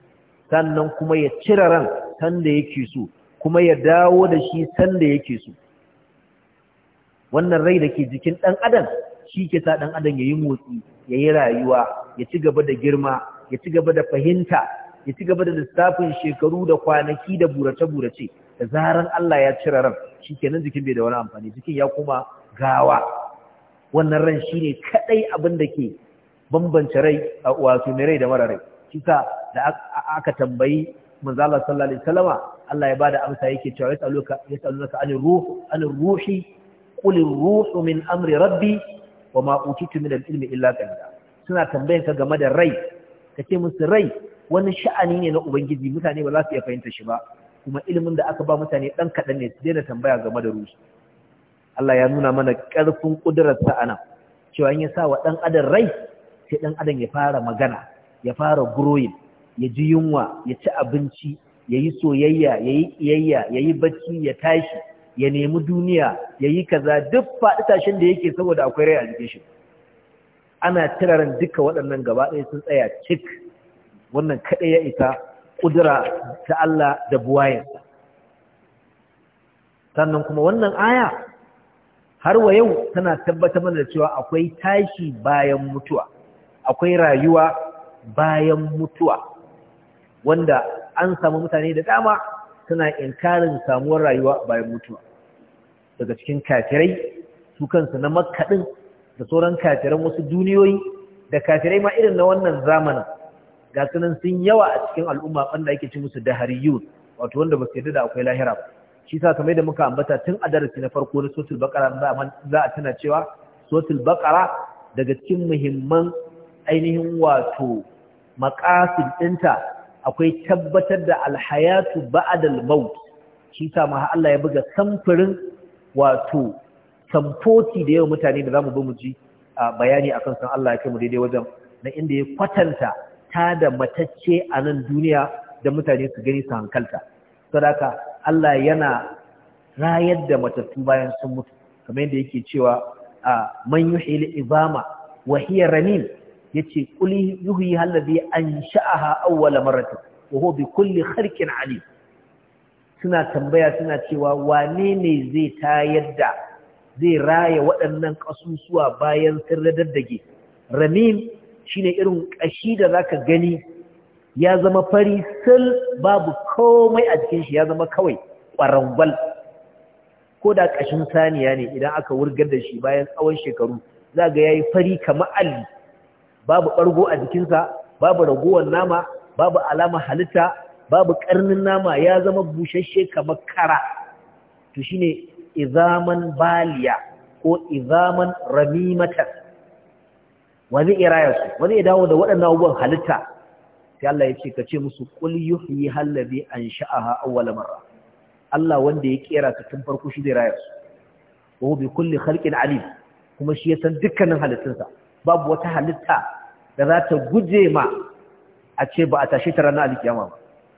sannan kuma ya cire ran sanda yake so kuma ya dawo da shi sanda yake so wannan rai da ke jikin ɗan adam shi ke sa ɗan adam ya yi motsi ya yi rayuwa ya ci gaba da girma ya ci gaba da fahimta ya ci gaba da lissafin shekaru da kwanaki da burace-burace da zaran Allah ya cire ran shi kenan jikin bai da wani amfani jikin ya kuma gawa wannan ran shi ne kaɗai abin da ke bambance rai wato mai rai da mara rai shi da aka tambayi manzo Allah sallallahu alaihi wasallama Allah ya bada amsa yake cewa yasaluka yasaluka anir ruh anir ruhi qul ruhu min amri rabbi wama utitu min ilmi illa qalila suna tambayan ka game da rai kace musu rai wani sha'ani ne na ubangiji mutane ba za su iya fahimta shi ba kuma ilimin da aka ba mutane dan kadan ne su daina tambaya game da ruhi Allah ya nuna mana karfin kudurar sa anan cewa in ya sa wa dan adam rai sai dan adam ya fara magana ya fara growing ya ji yunwa ya ci abinci ya yi soyayya ya yi ƙiyayya ya yi bacci ya tashi ya nemi duniya ya yi kaza duk faɗi da yake saboda akwai rai a jikin shi ana tiraren duka waɗannan gaba ɗaya sun tsaya cik wannan kaɗai ya isa ƙudura ta Allah da buwayensa sannan kuma wannan aya har wa yau tana tabbatar mana da cewa akwai tashi bayan mutuwa akwai rayuwa bayan mutuwa wanda an samu mutane da dama suna inkarin samuwar rayuwa bayan mutuwa daga cikin kafirai su kansu na makaɗin da sauran kafiran wasu duniyoyi da kafirai ma irin na wannan zamanin ga sunan sun yawa a cikin al'umma wanda ake ci musu dahariyun wato wanda ba su yarda da akwai lahira ba shi sa kamar da muka ambata tun a darasi na farko na sotul bakara za a tana cewa sotul bakara daga cikin muhimman ainihin wato makasin ɗinta akwai tabbatar da alhayatu ba'adal maut shi sa ma Allah ya buga samfurin wato samfoti da yawa mutane da zamu bi mu ji bayani akan san Allah ya kai mu daidai wajen na inda ya kwatanta ta da matacce a nan duniya da mutane su gani su hankalta saboda Allah yana rayar da matattu bayan sun mutu kamar yadda yake cewa man yuhil izama wa hiya yace quli yuhyi alladhi ansha'aha awwala marratin wa huwa bi kulli kharqin Ali. suna tambaya suna cewa wane ne zai tayar da zai raya waɗannan ƙasusuwa bayan sun radaddage Ramin, shine irin ƙashi da zaka gani ya zama fari sil babu komai a cikin shi ya zama kawai ƙwarangwal ko da ƙashin saniya ne idan aka wurgar da shi bayan tsawon shekaru za ga yayi fari kamar alli babu ɓargo a jikinsa babu ragowar nama babu alama halitta babu ƙarnin nama ya zama bushashe kamar kara to ne izaman baliya ko izaman ramimatan wani iraya su wani ya dawo da waɗannan abubuwan halitta sai Allah ya ce ka ce musu qul yuhyi allazi ansha'aha awwala marra Allah wanda ya kera ka tun farko shi zai raya su wa bi kulli khalqin alim kuma shi ya san dukkanin halittunsa babu wata halitta da za ta guje ma a ce ba a tashe ta ranar alkiyama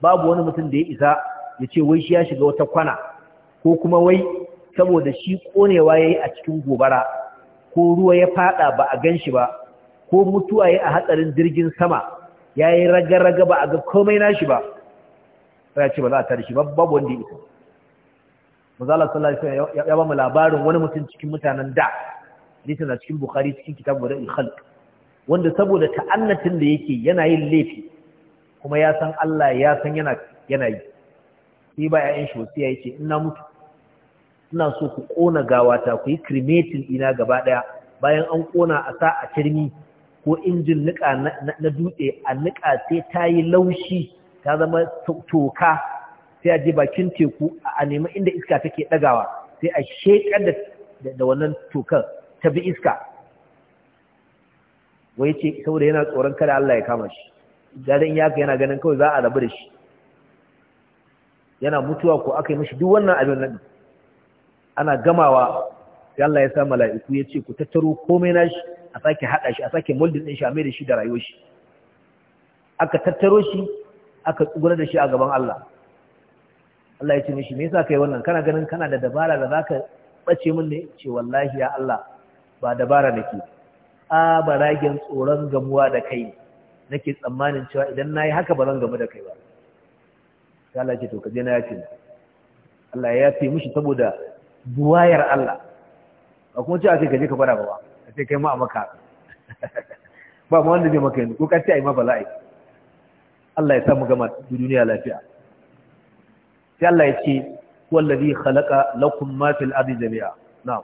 ba babu wani mutum da ya isa ya ce wai shi ya shiga wata kwana ko kuma wai saboda shi konewa ya yi a cikin gobara ko ruwa ya fada ba a gan shi ba ko mutuwa ya a hatsarin jirgin sama ya yi raga-raga ba a ga komai nashi ba ya ce ba za a tare shi babu wanda ya isa mazala sallallahu alaihi wasallam ya ba mu labarin wani mutum cikin mutanen da hadisi na cikin bukhari cikin kitabu da khalq wanda saboda ta'annatin da yake yana yin laifi kuma ya san Allah ya san yana yana yi sai ba ya'yan shi sai ya ce ina mutu ina so ku kona gawata ku yi cremating ina gaba daya bayan an kona a sa a turmi ko injin nika na dutse a nika sai ta yi laushi ta zama toka sai a je bakin teku a nemi inda iska take dagawa sai a shekar da wannan tokar ta bi iska wai ce saboda yana tsoron kada Allah ya kama shi jarin ya yana ganin kawai za a rabu da shi yana mutuwa ko aka yi mashi duk wannan abin nan ana gamawa ya Allah ya sa mala'iku ya ce ku tattaro komai na shi a sake haɗa shi a sake muldin ɗin shi a mai da shi da rayuwar shi aka tattaro shi aka tsugura da shi a gaban Allah Allah ya ce mishi me yasa kai wannan kana ganin kana da dabara da ka bace min ne ce wallahi ya Allah ba dabara nake ba tsabaragen tsoron gamuwa da kai nake tsammanin cewa idan na yi haka ba zan gamu da kai ba ta Allah ce to kaje na ya yafe Allah ya fi mushi saboda buwayar Allah ba kuma cewa sai ka ka fara ba ka ce kai ma a maka ba ma wanda zai maka yanzu ko ka ce ai ma bala'i Allah ya samu gama duniya lafiya sai Allah ya ce wallazi khalaqa lakum ma fil ardi jami'a na'am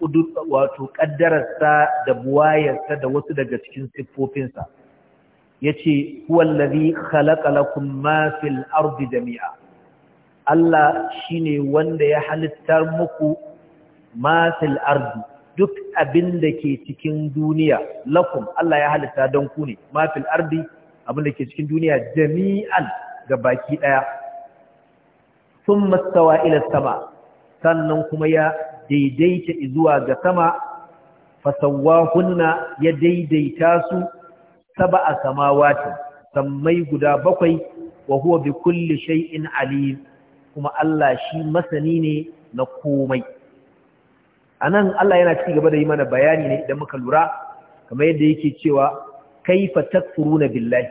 wato ƙaddararsa da buwayarsa da wasu daga cikin siffofinsa ya ce huwallazi khalaqa lakum fil ardi jami'a Allah shine wanda ya halittar muku mafil ardi duk abin da ke cikin duniya lakum Allah ya halitta don ku ne mafil ardi abin da ke cikin duniya jami'an ga baki ɗaya. Sun stawa ila sama sannan kuma ya daidaita zuwa ga sama fasawahunna ya daidaita su sab'a samawati sammai guda bakwai wa huwa bi kulli shay'in alim kuma Allah shi masani ne na komai anan Allah yana ci gaba da yi mana bayani ne idan muka lura kamar yadda yake cewa kaifa takfuruna billahi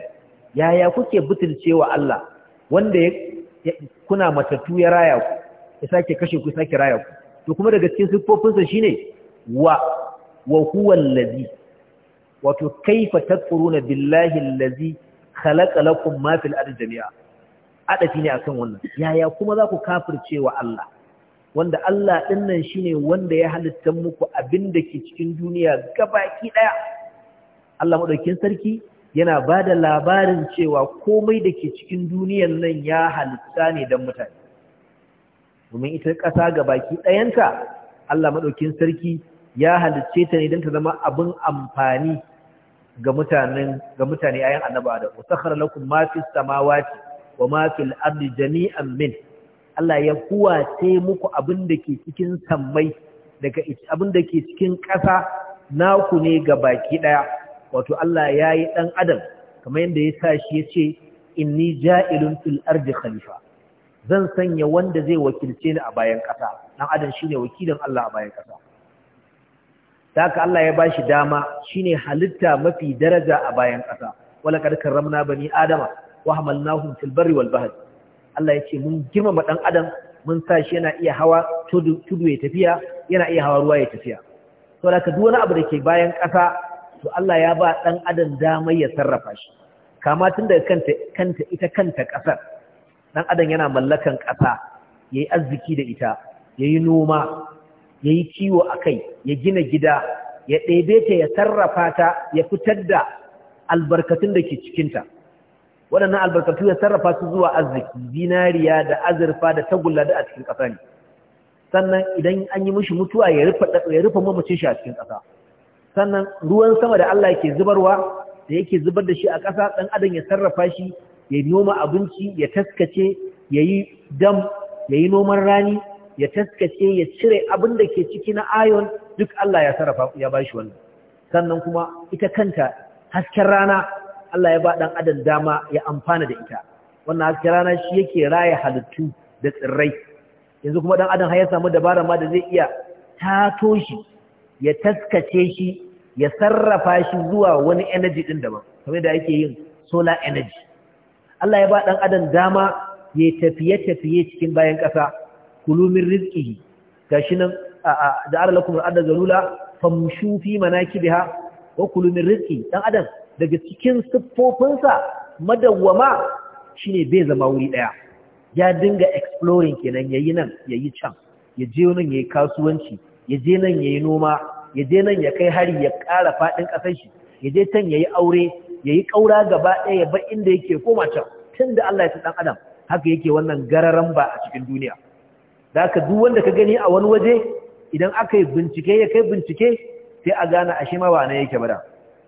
yaya kuke butulcewa Allah wanda kuna matatu ya raya ku ya sake kashe ku sake raya ku to kuma daga cikin siffofinsa shine wa wa huwa lazi wato kaifa takfuruna billahi allazi khalaqa ma fil ardi jami'a adafi ne akan wannan yaya kuma za ku kafirce Allah wanda Allah shi shine wanda ya halitta muku abin da ke cikin duniya gabaki daya Allah madaukakin sarki yana bada labarin cewa komai da ke cikin duniyar nan ya halitta ne dan mutane domin ita ƙasa ga baki ɗayanta Allah maɗaukin sarki ya halicce ta ne don ta zama abin amfani ga mutane ayan annaba da usakhara lakum ma fi samawati wa ma fil ardi jami'an min Allah ya ce muku abin da ke cikin sammai daga abin da ke cikin ƙasa naku ne ga baki ɗaya wato Allah ya yi ɗan adam kamar yadda ya sa shi ya ce inni ja'ilun fil ardi khalifa zan sanya wanda zai wakilce ni a bayan ƙasa dan adam shine wakilin Allah a bayan ƙasa saka Allah ya bashi dama shine halitta mafi daraja a bayan ƙasa wala kad karramna bani adama wa hamalnahum fil barri wal bahri Allah yace mun girmama dan adam mun sa shi yana iya hawa tudu ya tafiya yana iya hawa ruwa ya tafiya to laka duk wani abu da ke bayan ƙasa to Allah ya ba dan adam dama ya sarrafa shi kama tun daga kanta kanta ita kanta ƙasar dan adam yana mallakan ƙasa yayi arziki da ita yayi noma yayi kiwo akai ya gina gida ya ɗebe ta ya sarrafa ta ya fitar da albarkatun da ke cikinta waɗannan albarkatu ya sarrafa su zuwa arziki zinariya da azurfa da tagulla da a cikin ƙasa ne sannan idan an yi mishi mutuwa ya rufe mamacin shi a cikin ƙasa sannan ruwan sama da Allah ke zubarwa da yake zubar da shi a ƙasa ɗan adam ya sarrafa shi ya noma abinci ya taskace ya yi dam ya yi noman rani ya taskace ya cire abin da ke ciki na ayon duk Allah ya sarrafa ya ba shi wannan sannan kuma ita kanta hasken rana Allah ya ba ɗan adam dama ya amfana da ita wannan hasken rana shi yake raya halittu da tsirrai yanzu kuma ɗan adam har ya samu dabara ma da zai iya tato shi ya taskace shi ya sarrafa shi zuwa wani energy ɗin daban kamar da yake yin solar energy Allah ya ba ɗan adam dama ya tafiye-tafiye cikin bayan ƙasa kulumin rizkihi gashi nan da ara lakum al'adda zalula famshu fi manakibiha Ko kulumin rizki ɗan adam daga cikin siffofinsa madawwama ne bai zama wuri ɗaya ya dinga exploring kenan yayi nan yayi can ya je nan yayi kasuwanci ya je nan yayi noma ya je nan ya kai hari ya ƙara faɗin ƙasar shi ya je can yayi aure ya yi ƙaura gaba ɗaya ya bar inda yake koma tun da Allah ya fi ɗan adam haka yake wannan gararan ba a cikin duniya da ka duk wanda ka gani a wani waje idan aka yi bincike ya kai bincike sai a gane ashe ma ba nan yake ba da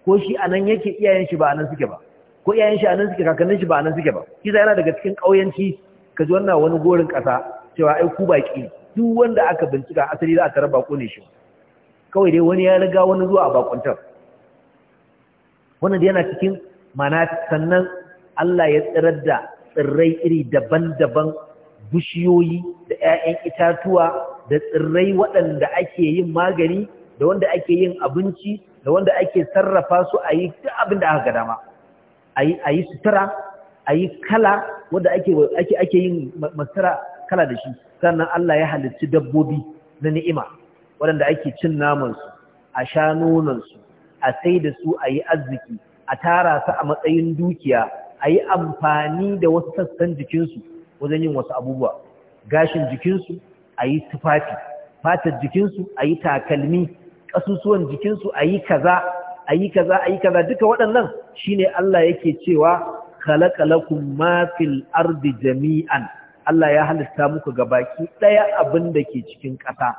ko shi anan yake iyayen shi ba nan suke ba ko iyayen shi anan suke kakannin shi ba nan suke ba kiza yana daga cikin ka ji wannan wani gorin ƙasa, cewa ai ku baki duk wanda aka bincika asali za a tarar ko ne shi kawai dai wani ya riga wani zuwa a bakuntar wannan yana cikin mana sannan Allah ya tsirar da tsirrai iri daban-daban bishiyoyi da 'ya'yan itatuwa da tsirrai waɗanda ake yin magani da wanda ake yin abinci da wanda ake sarrafa su a yi duk abin da aka dama a yi sutura a yi kala wanda ake yin masara kala da shi sannan Allah ya halarci dabbobi na ni'ima waɗanda ake cin namansu a sha nunansu. a sai da su a yi arziki a tara su a matsayin dukiya a yi amfani da wasu sassan jikinsu wajen yin wasu abubuwa gashin jikinsu a yi tufafi fatar jikinsu a yi takalmi ƙasusuwan jikinsu a yi kaza a yi kaza a yi kaza duka waɗannan shine Allah yake cewa khalaqalakum ma fil ardi jami'an Allah ya halitta muku ga baki ɗaya abin da ke cikin ƙasa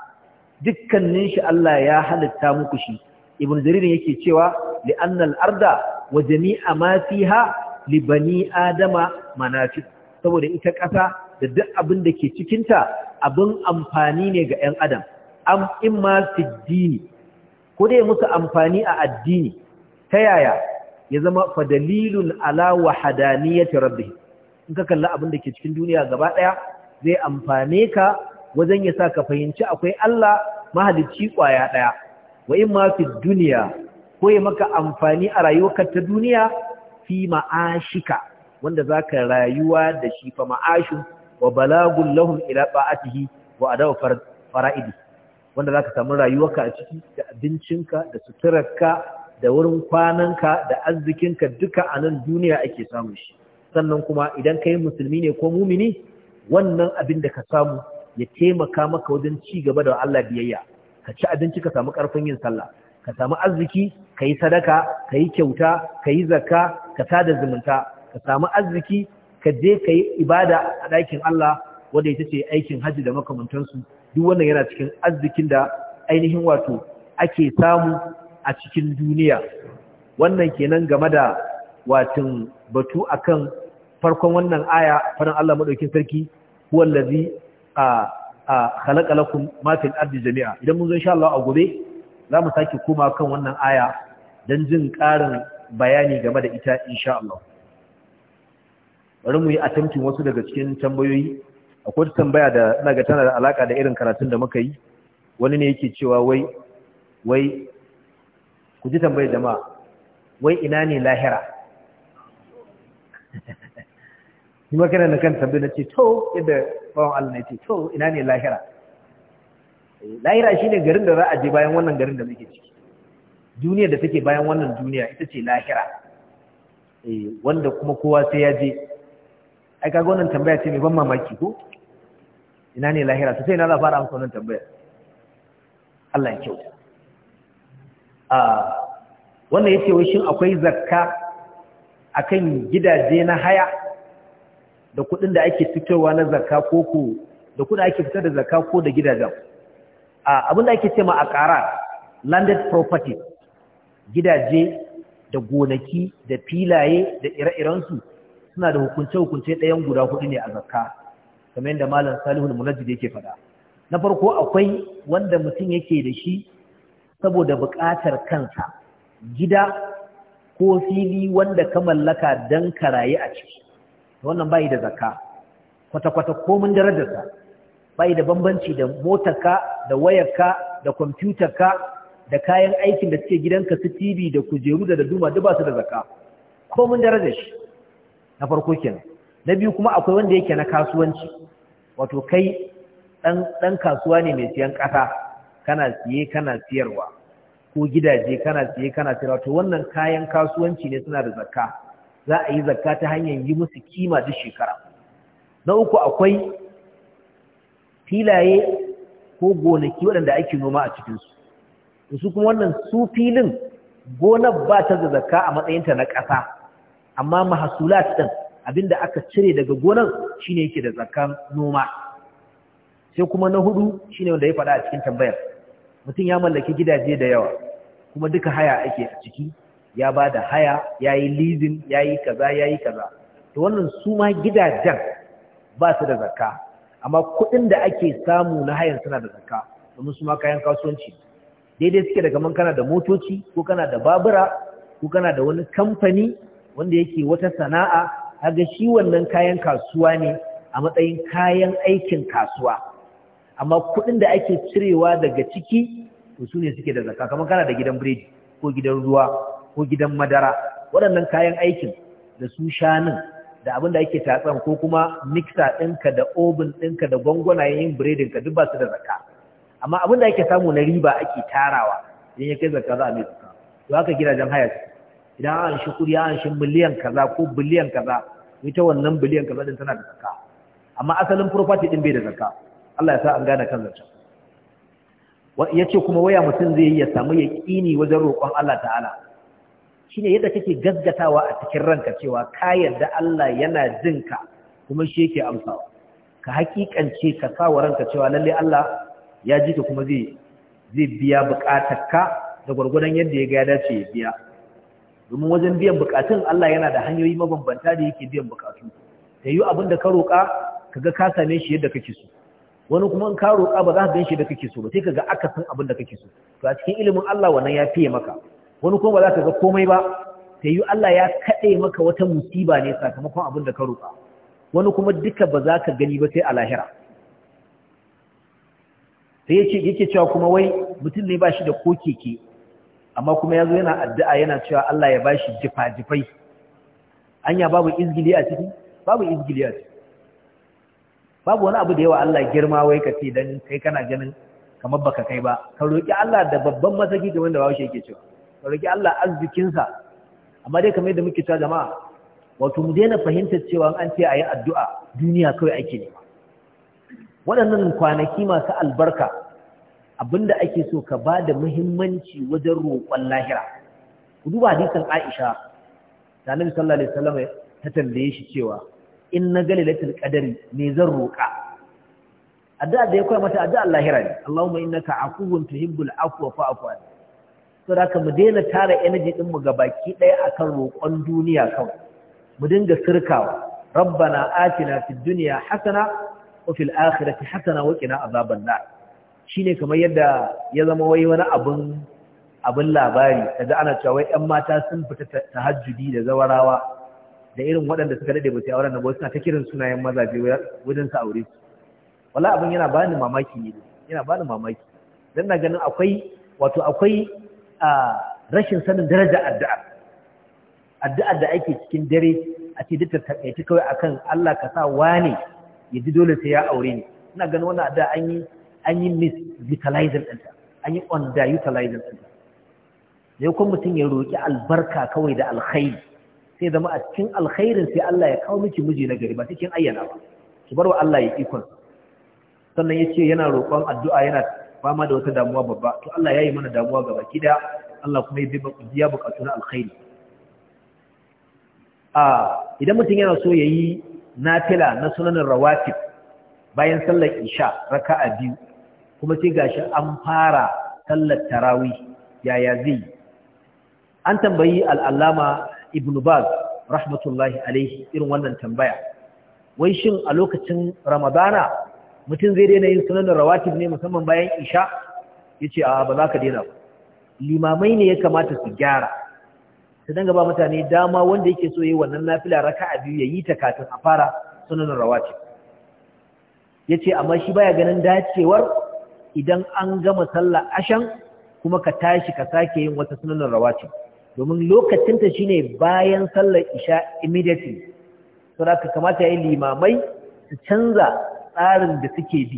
dukkanin shi Allah ya halitta muku shi ibn jarir yake cewa li annal arda wa jami'a ma fiha li bani adama manafi saboda ita kasa da duk abin da ke cikinta abin amfani ne ga 'yan adam am imma fi dini ko dai musu amfani a addini ta yaya ya zama fa dalilun ala wahdaniyati rabbih in ka kalla abin da ke cikin duniya gaba daya zai amfane ka wajen ya sa ka fahimci akwai Allah mahalicci kwaya daya wa in ma duniya ko ya maka amfani a rayuwarka ta duniya fi ma'ashika wanda za ka rayuwa da shi fa ma'ashin wa lahun lahum ila ta'atihi wa adawa fara'idi wanda za ka samu rayuwarka a ciki da abincinka da suturarka da wurin kwananka da arzikinka duka a nan duniya ake samun shi sannan kuma idan ka yi musulmi ne ko mumini wannan abin da ka samu ya taimaka maka wajen ci gaba da Allah biyayya ka ci abinci ka samu ƙarfin yin sallah ka samu arziki ka yi sadaka ka yi kyauta ka yi zakka ka sada zumunta ka samu arziki ka je ka yi ibada a ɗakin Allah wanda ita ce aikin hajji da makamantansu duk wannan yana cikin arzikin da ainihin wato ake samu a cikin duniya wannan kenan game da watun batu akan farkon wannan aya farin Allah madaukin sarki huwallazi a a khalaqalakum ma fil ardi jami'a idan mun zo insha Allah a gobe za mu sake kuma kan wannan aya dan jin ƙarin bayani game da ita insha Allah bari mu yi attempting wasu daga cikin tambayoyi akwai tambaya da ina ga tana da alaka da irin karatun da muka yi wani ne yake cewa wai wai ku ji tambayar jama'a wai ina ne lahira ni makana na kan tambayar na ce to yadda tsawon Allah ce to ina ne lahira eh, lahira shine garin da za a je bayan wannan garin da muke ciki duniyar da take bayan wannan duniya ita ce lahira eh, wanda kuma kowa sai ya je ai kaga wannan tambaya ce mai ban mamaki ko ina ne lahira sai na za fara amsa wannan tambaya Allah ya kyauta ah, Wannan ya ce wai shin akwai zakka a kan gidaje na haya da kuɗin da ake fitowa na zakka ko ku da ake fitar da zakka ko da gidajen abin da ake ce ma a ƙara landed property gidaje da gonaki da filaye da ire iren su suna da hukunce-hukunce ɗayan guda hudu ne a zakka kamar yadda malam Salihu al munajjid yake faɗa na farko akwai wanda mutum yake da shi saboda buƙatar kansa gida ko fili wanda ka mallaka don karaye a ciki wannan bai da zakka kwata-kwata komin darajarsa bai da bambanci da motarka da wayarka da kwamfutarka da kayan aikin da suke gidanka su TV da kujeru da duma duk ba su da zakka komin darajar shi na farko kenan na biyu kuma akwai wanda yake na kasuwanci wato kai dan dan kasuwa ne mai siyan kasa kana siye kana siyarwa ko gidaje kana siye kana siyarwa to wannan kayan kasuwanci ne suna da zakka za a yi zakka ta hanyar yi musu kima duk shekara na uku akwai filaye ko gonaki waɗanda ake noma a cikinsu su kuma wannan su filin gonar ba ta da zakka a matsayinta na ƙasa amma mahasulat ɗin abinda aka cire daga gonar shine yake da zakkan noma sai kuma na hudu shine wanda ya faɗa a cikin tambayar mutum ya mallaki gidaje da yawa kuma duka haya ake a ciki ya ba da haya ya yi lizin, ya yi kaza ya yi kaza to wannan su ma gidajen ba su da zakka amma kuɗin da ake samu na hayan suna da zakka domin su ma kayan kasuwanci daidai suke da kaman kana da motoci ko kana da babura ko kana da wani kamfani wanda yake wata sana'a haga shi wannan kayan kasuwa ne a matsayin kayan aikin kasuwa amma kuɗin da ake cirewa daga ciki to su ne suke da zakka kaman kana da gidan biredi ko gidan ruwa ko gidan madara waɗannan kayan aikin da su shanin da abin da ake tatsan ko kuma miksa ɗinka da obin ɗinka da gwangwanayen yin biredinka duk ba su da zaka amma abin da ake samu na riba ake tarawa idan ya kai zaka za a mai zaka to haka gidajen haya idan an shi kuri an shi miliyan kaza ko biliyan kaza ta wannan biliyan kaza din tana da zaka amma asalin property din bai da zaka Allah ya sa an gane kan zaka ya ce kuma waya mutum zai yi ya samu yaƙini wajen roƙon Allah ta'ala ne yadda kake gaggatawa a cikin ranka cewa ka yadda Allah yana jin ka kuma shi yake amsawa ka hakikance ka sa wa ranka cewa lalle Allah ya ji ka kuma zai zai biya bukatarka da gwargwadon yadda ya ga ya dace ya biya domin wajen biyan bukatun Allah yana da hanyoyi mabambanta da yake biyan bukatu ta yi abin da ka roƙa kaga ka same shi yadda kake so wani kuma in ka roƙa ba za ka gan shi yadda kake so ba sai kaga akasin abin da kake so to a cikin ilimin Allah wannan ya fiye maka wani kuma ba za ka ga komai ba ta yi Allah ya kaɗe maka wata musiba ne sakamakon abin da ka ruka wani kuma duka ba za ka gani ba sai a lahira sai yake yake cewa kuma wai mutum ne ba shi da ko keke amma kuma ya zo yana addu'a yana cewa Allah ya ba jifa-jifai anya babu izgili a ciki babu izgili a ciki babu wani abu da yawa Allah girma wai ka ce dan kai kana ganin kamar baka kai ba ka roƙi Allah da babban mataki game da bawo shi yake cewa ka Allah arzikinsa amma dai kamar yadda muke cewa jama'a wato mu daina fahimtar cewa an ce ayi addu'a duniya kawai ake nema waɗannan kwanaki masu albarka abinda ake so ka ba da muhimmanci wajen roƙon lahira ku duba hadisin Aisha da Nabi sallallahu alaihi wasallam ta tambaye shi cewa in na ga lailatul qadari me zan roƙa addu'a da ya koya mata addu'a lahira ne Allahumma innaka afuwun tuhibbul afwa fa'fu anni so ka mu daina tara energy din ga baki daya akan roƙon duniya kawai mu dinga sirkawa rabbana atina fid duniya hasana wa fil akhirati hasana wa qina azaban nar shine kamar yadda ya zama wai wani abun abin labari kaga ana cewa wai ƴan mata sun fita tahajjudi da zawarawa da irin waɗanda suka dade ba su auren nan ba suna ta kiran sunayen mazaje wajen su aure su wallahi abin yana bani mamaki ne yana bani mamaki dan na ganin akwai wato akwai A rashin sanin daraja addu'a addu'a da ake cikin dare a ce duk takaici kawai akan Allah ka sa wane ya ji dole sai ya aure ni ina ganin wannan addu'a an yi an yi misutilizing ɗinta an yi underutilizing ɗinta kuma mutum ya roƙi albarka kawai da alkhairi sai zama a cikin alkhairin sai Allah ya kawo miki miji na gari ba cikin ayyana ba ki bar wa Allah ya ikon sannan ya ce yana roƙon addu'a yana fama da wata damuwa babba to Allah ya yi mana damuwa gaba gida Allah kuma ya bukatu na alkhairi a idan mutum yana so ya yi nafila na sunanin rawatib bayan sallar isha raka'a biyu kuma sai gashi an fara sallar tarawi yaya zai an tambayi al'allama ibn baz rahmatullahi alaihi irin wannan tambaya wai shin a lokacin ramadana mutum zai daina yin sunan rawatib ne musamman bayan isha yace a ba za ka daina ba limamai ne ya kamata su gyara su danga ba mutane dama wanda yake so yi wannan nafila raka'a biyu yayi ta kafin a fara sunan rawatib yace amma shi baya ganin dacewar idan an gama sallah ashan kuma ka tashi ka sake yin wata sunan rawatib domin lokacinta shine bayan sallar isha immediately saboda kamata yi limamai su canza tsarin da suke bi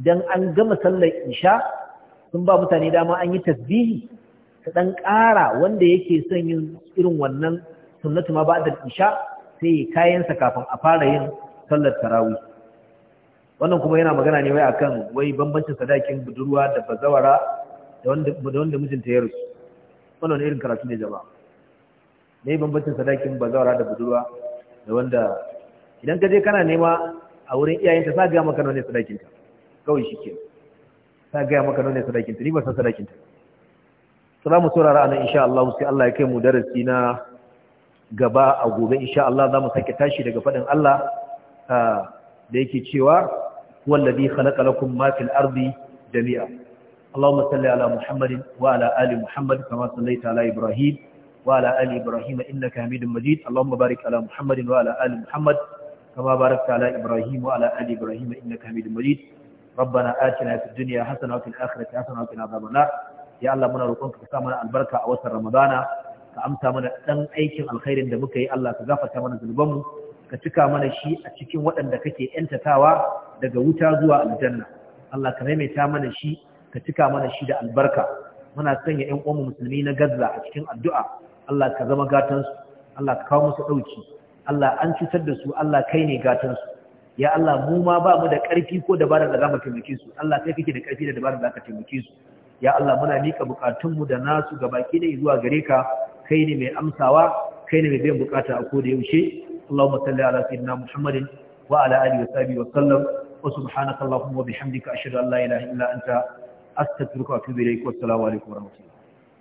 idan an gama sallar isha sun ba mutane dama an yi tasbihi ta ɗan ƙara wanda yake son yin irin wannan sunnatu ma ba'dal isha sai ya kayansa kafin a fara yin sallar tarawih wannan kuma yana magana ne wai akan wai bambancin sadakin budurwa da bazawara da wanda mijinta ya rasu wannan irin karatu ne jama'a ne bambancin sadakin bazawara da budurwa da wanda idan ka je kana nema a wurin iyayenta sa gaya maka ne sadakinta kawai shi ke sa gaya maka ne sadakinta ni ba san sadakinta to za mu saurara anan insha Allah sai Allah ya kai mu darasi na gaba a gobe insha Allah za mu sake tashi daga faɗin Allah da yake cewa wallazi khalaqa lakum ma fil ardi jami'a اللهم صل على محمد وعلى ال محمد كما صليت على ابراهيم وعلى ال ابراهيم انك حميد مجيد اللهم بارك على محمد وعلى ال محمد كما باركت على إبراهيم وعلى آل إبراهيم إنك حميد مجيد ربنا آتنا في الدنيا حسنة وفي الآخرة حسنة وقنا عذاب النار يا الله منا روقنك كسامنا البركة أوسر رمضان كأمتا منا دن أيكم الخير إن دمكي الله كغافة منا ذنوبنا كتكا منا شيء أتكين وأن دكتي أنت تاوى دقوتا زوا الجنة الله كميمي تامنا شيء كتكا منا شيء دا البركة muna sanya ƴan uwan musulmi na Gaza a cikin addu'a Allah ka zama gatansu Allah ka kawo musu ɗauki Allah an cutar da su Allah kai ne gatan su ya Allah mu ma ba mu da ƙarfi ko dabarar da za mu taimake su Allah kai kake da ƙarfi da dabarar da za ka taimake su ya Allah muna mika bukatunmu da nasu ga baki ne zuwa gare ka kai ne mai amsawa kai ne mai biyan bukata a koda yaushe Allahumma salli ala sayyidina Muhammadin wa ala wa sahbihi wa sallam wa subhanaka Allahumma wa bihamdika ashhadu an la ilaha illa anta astaghfiruka wa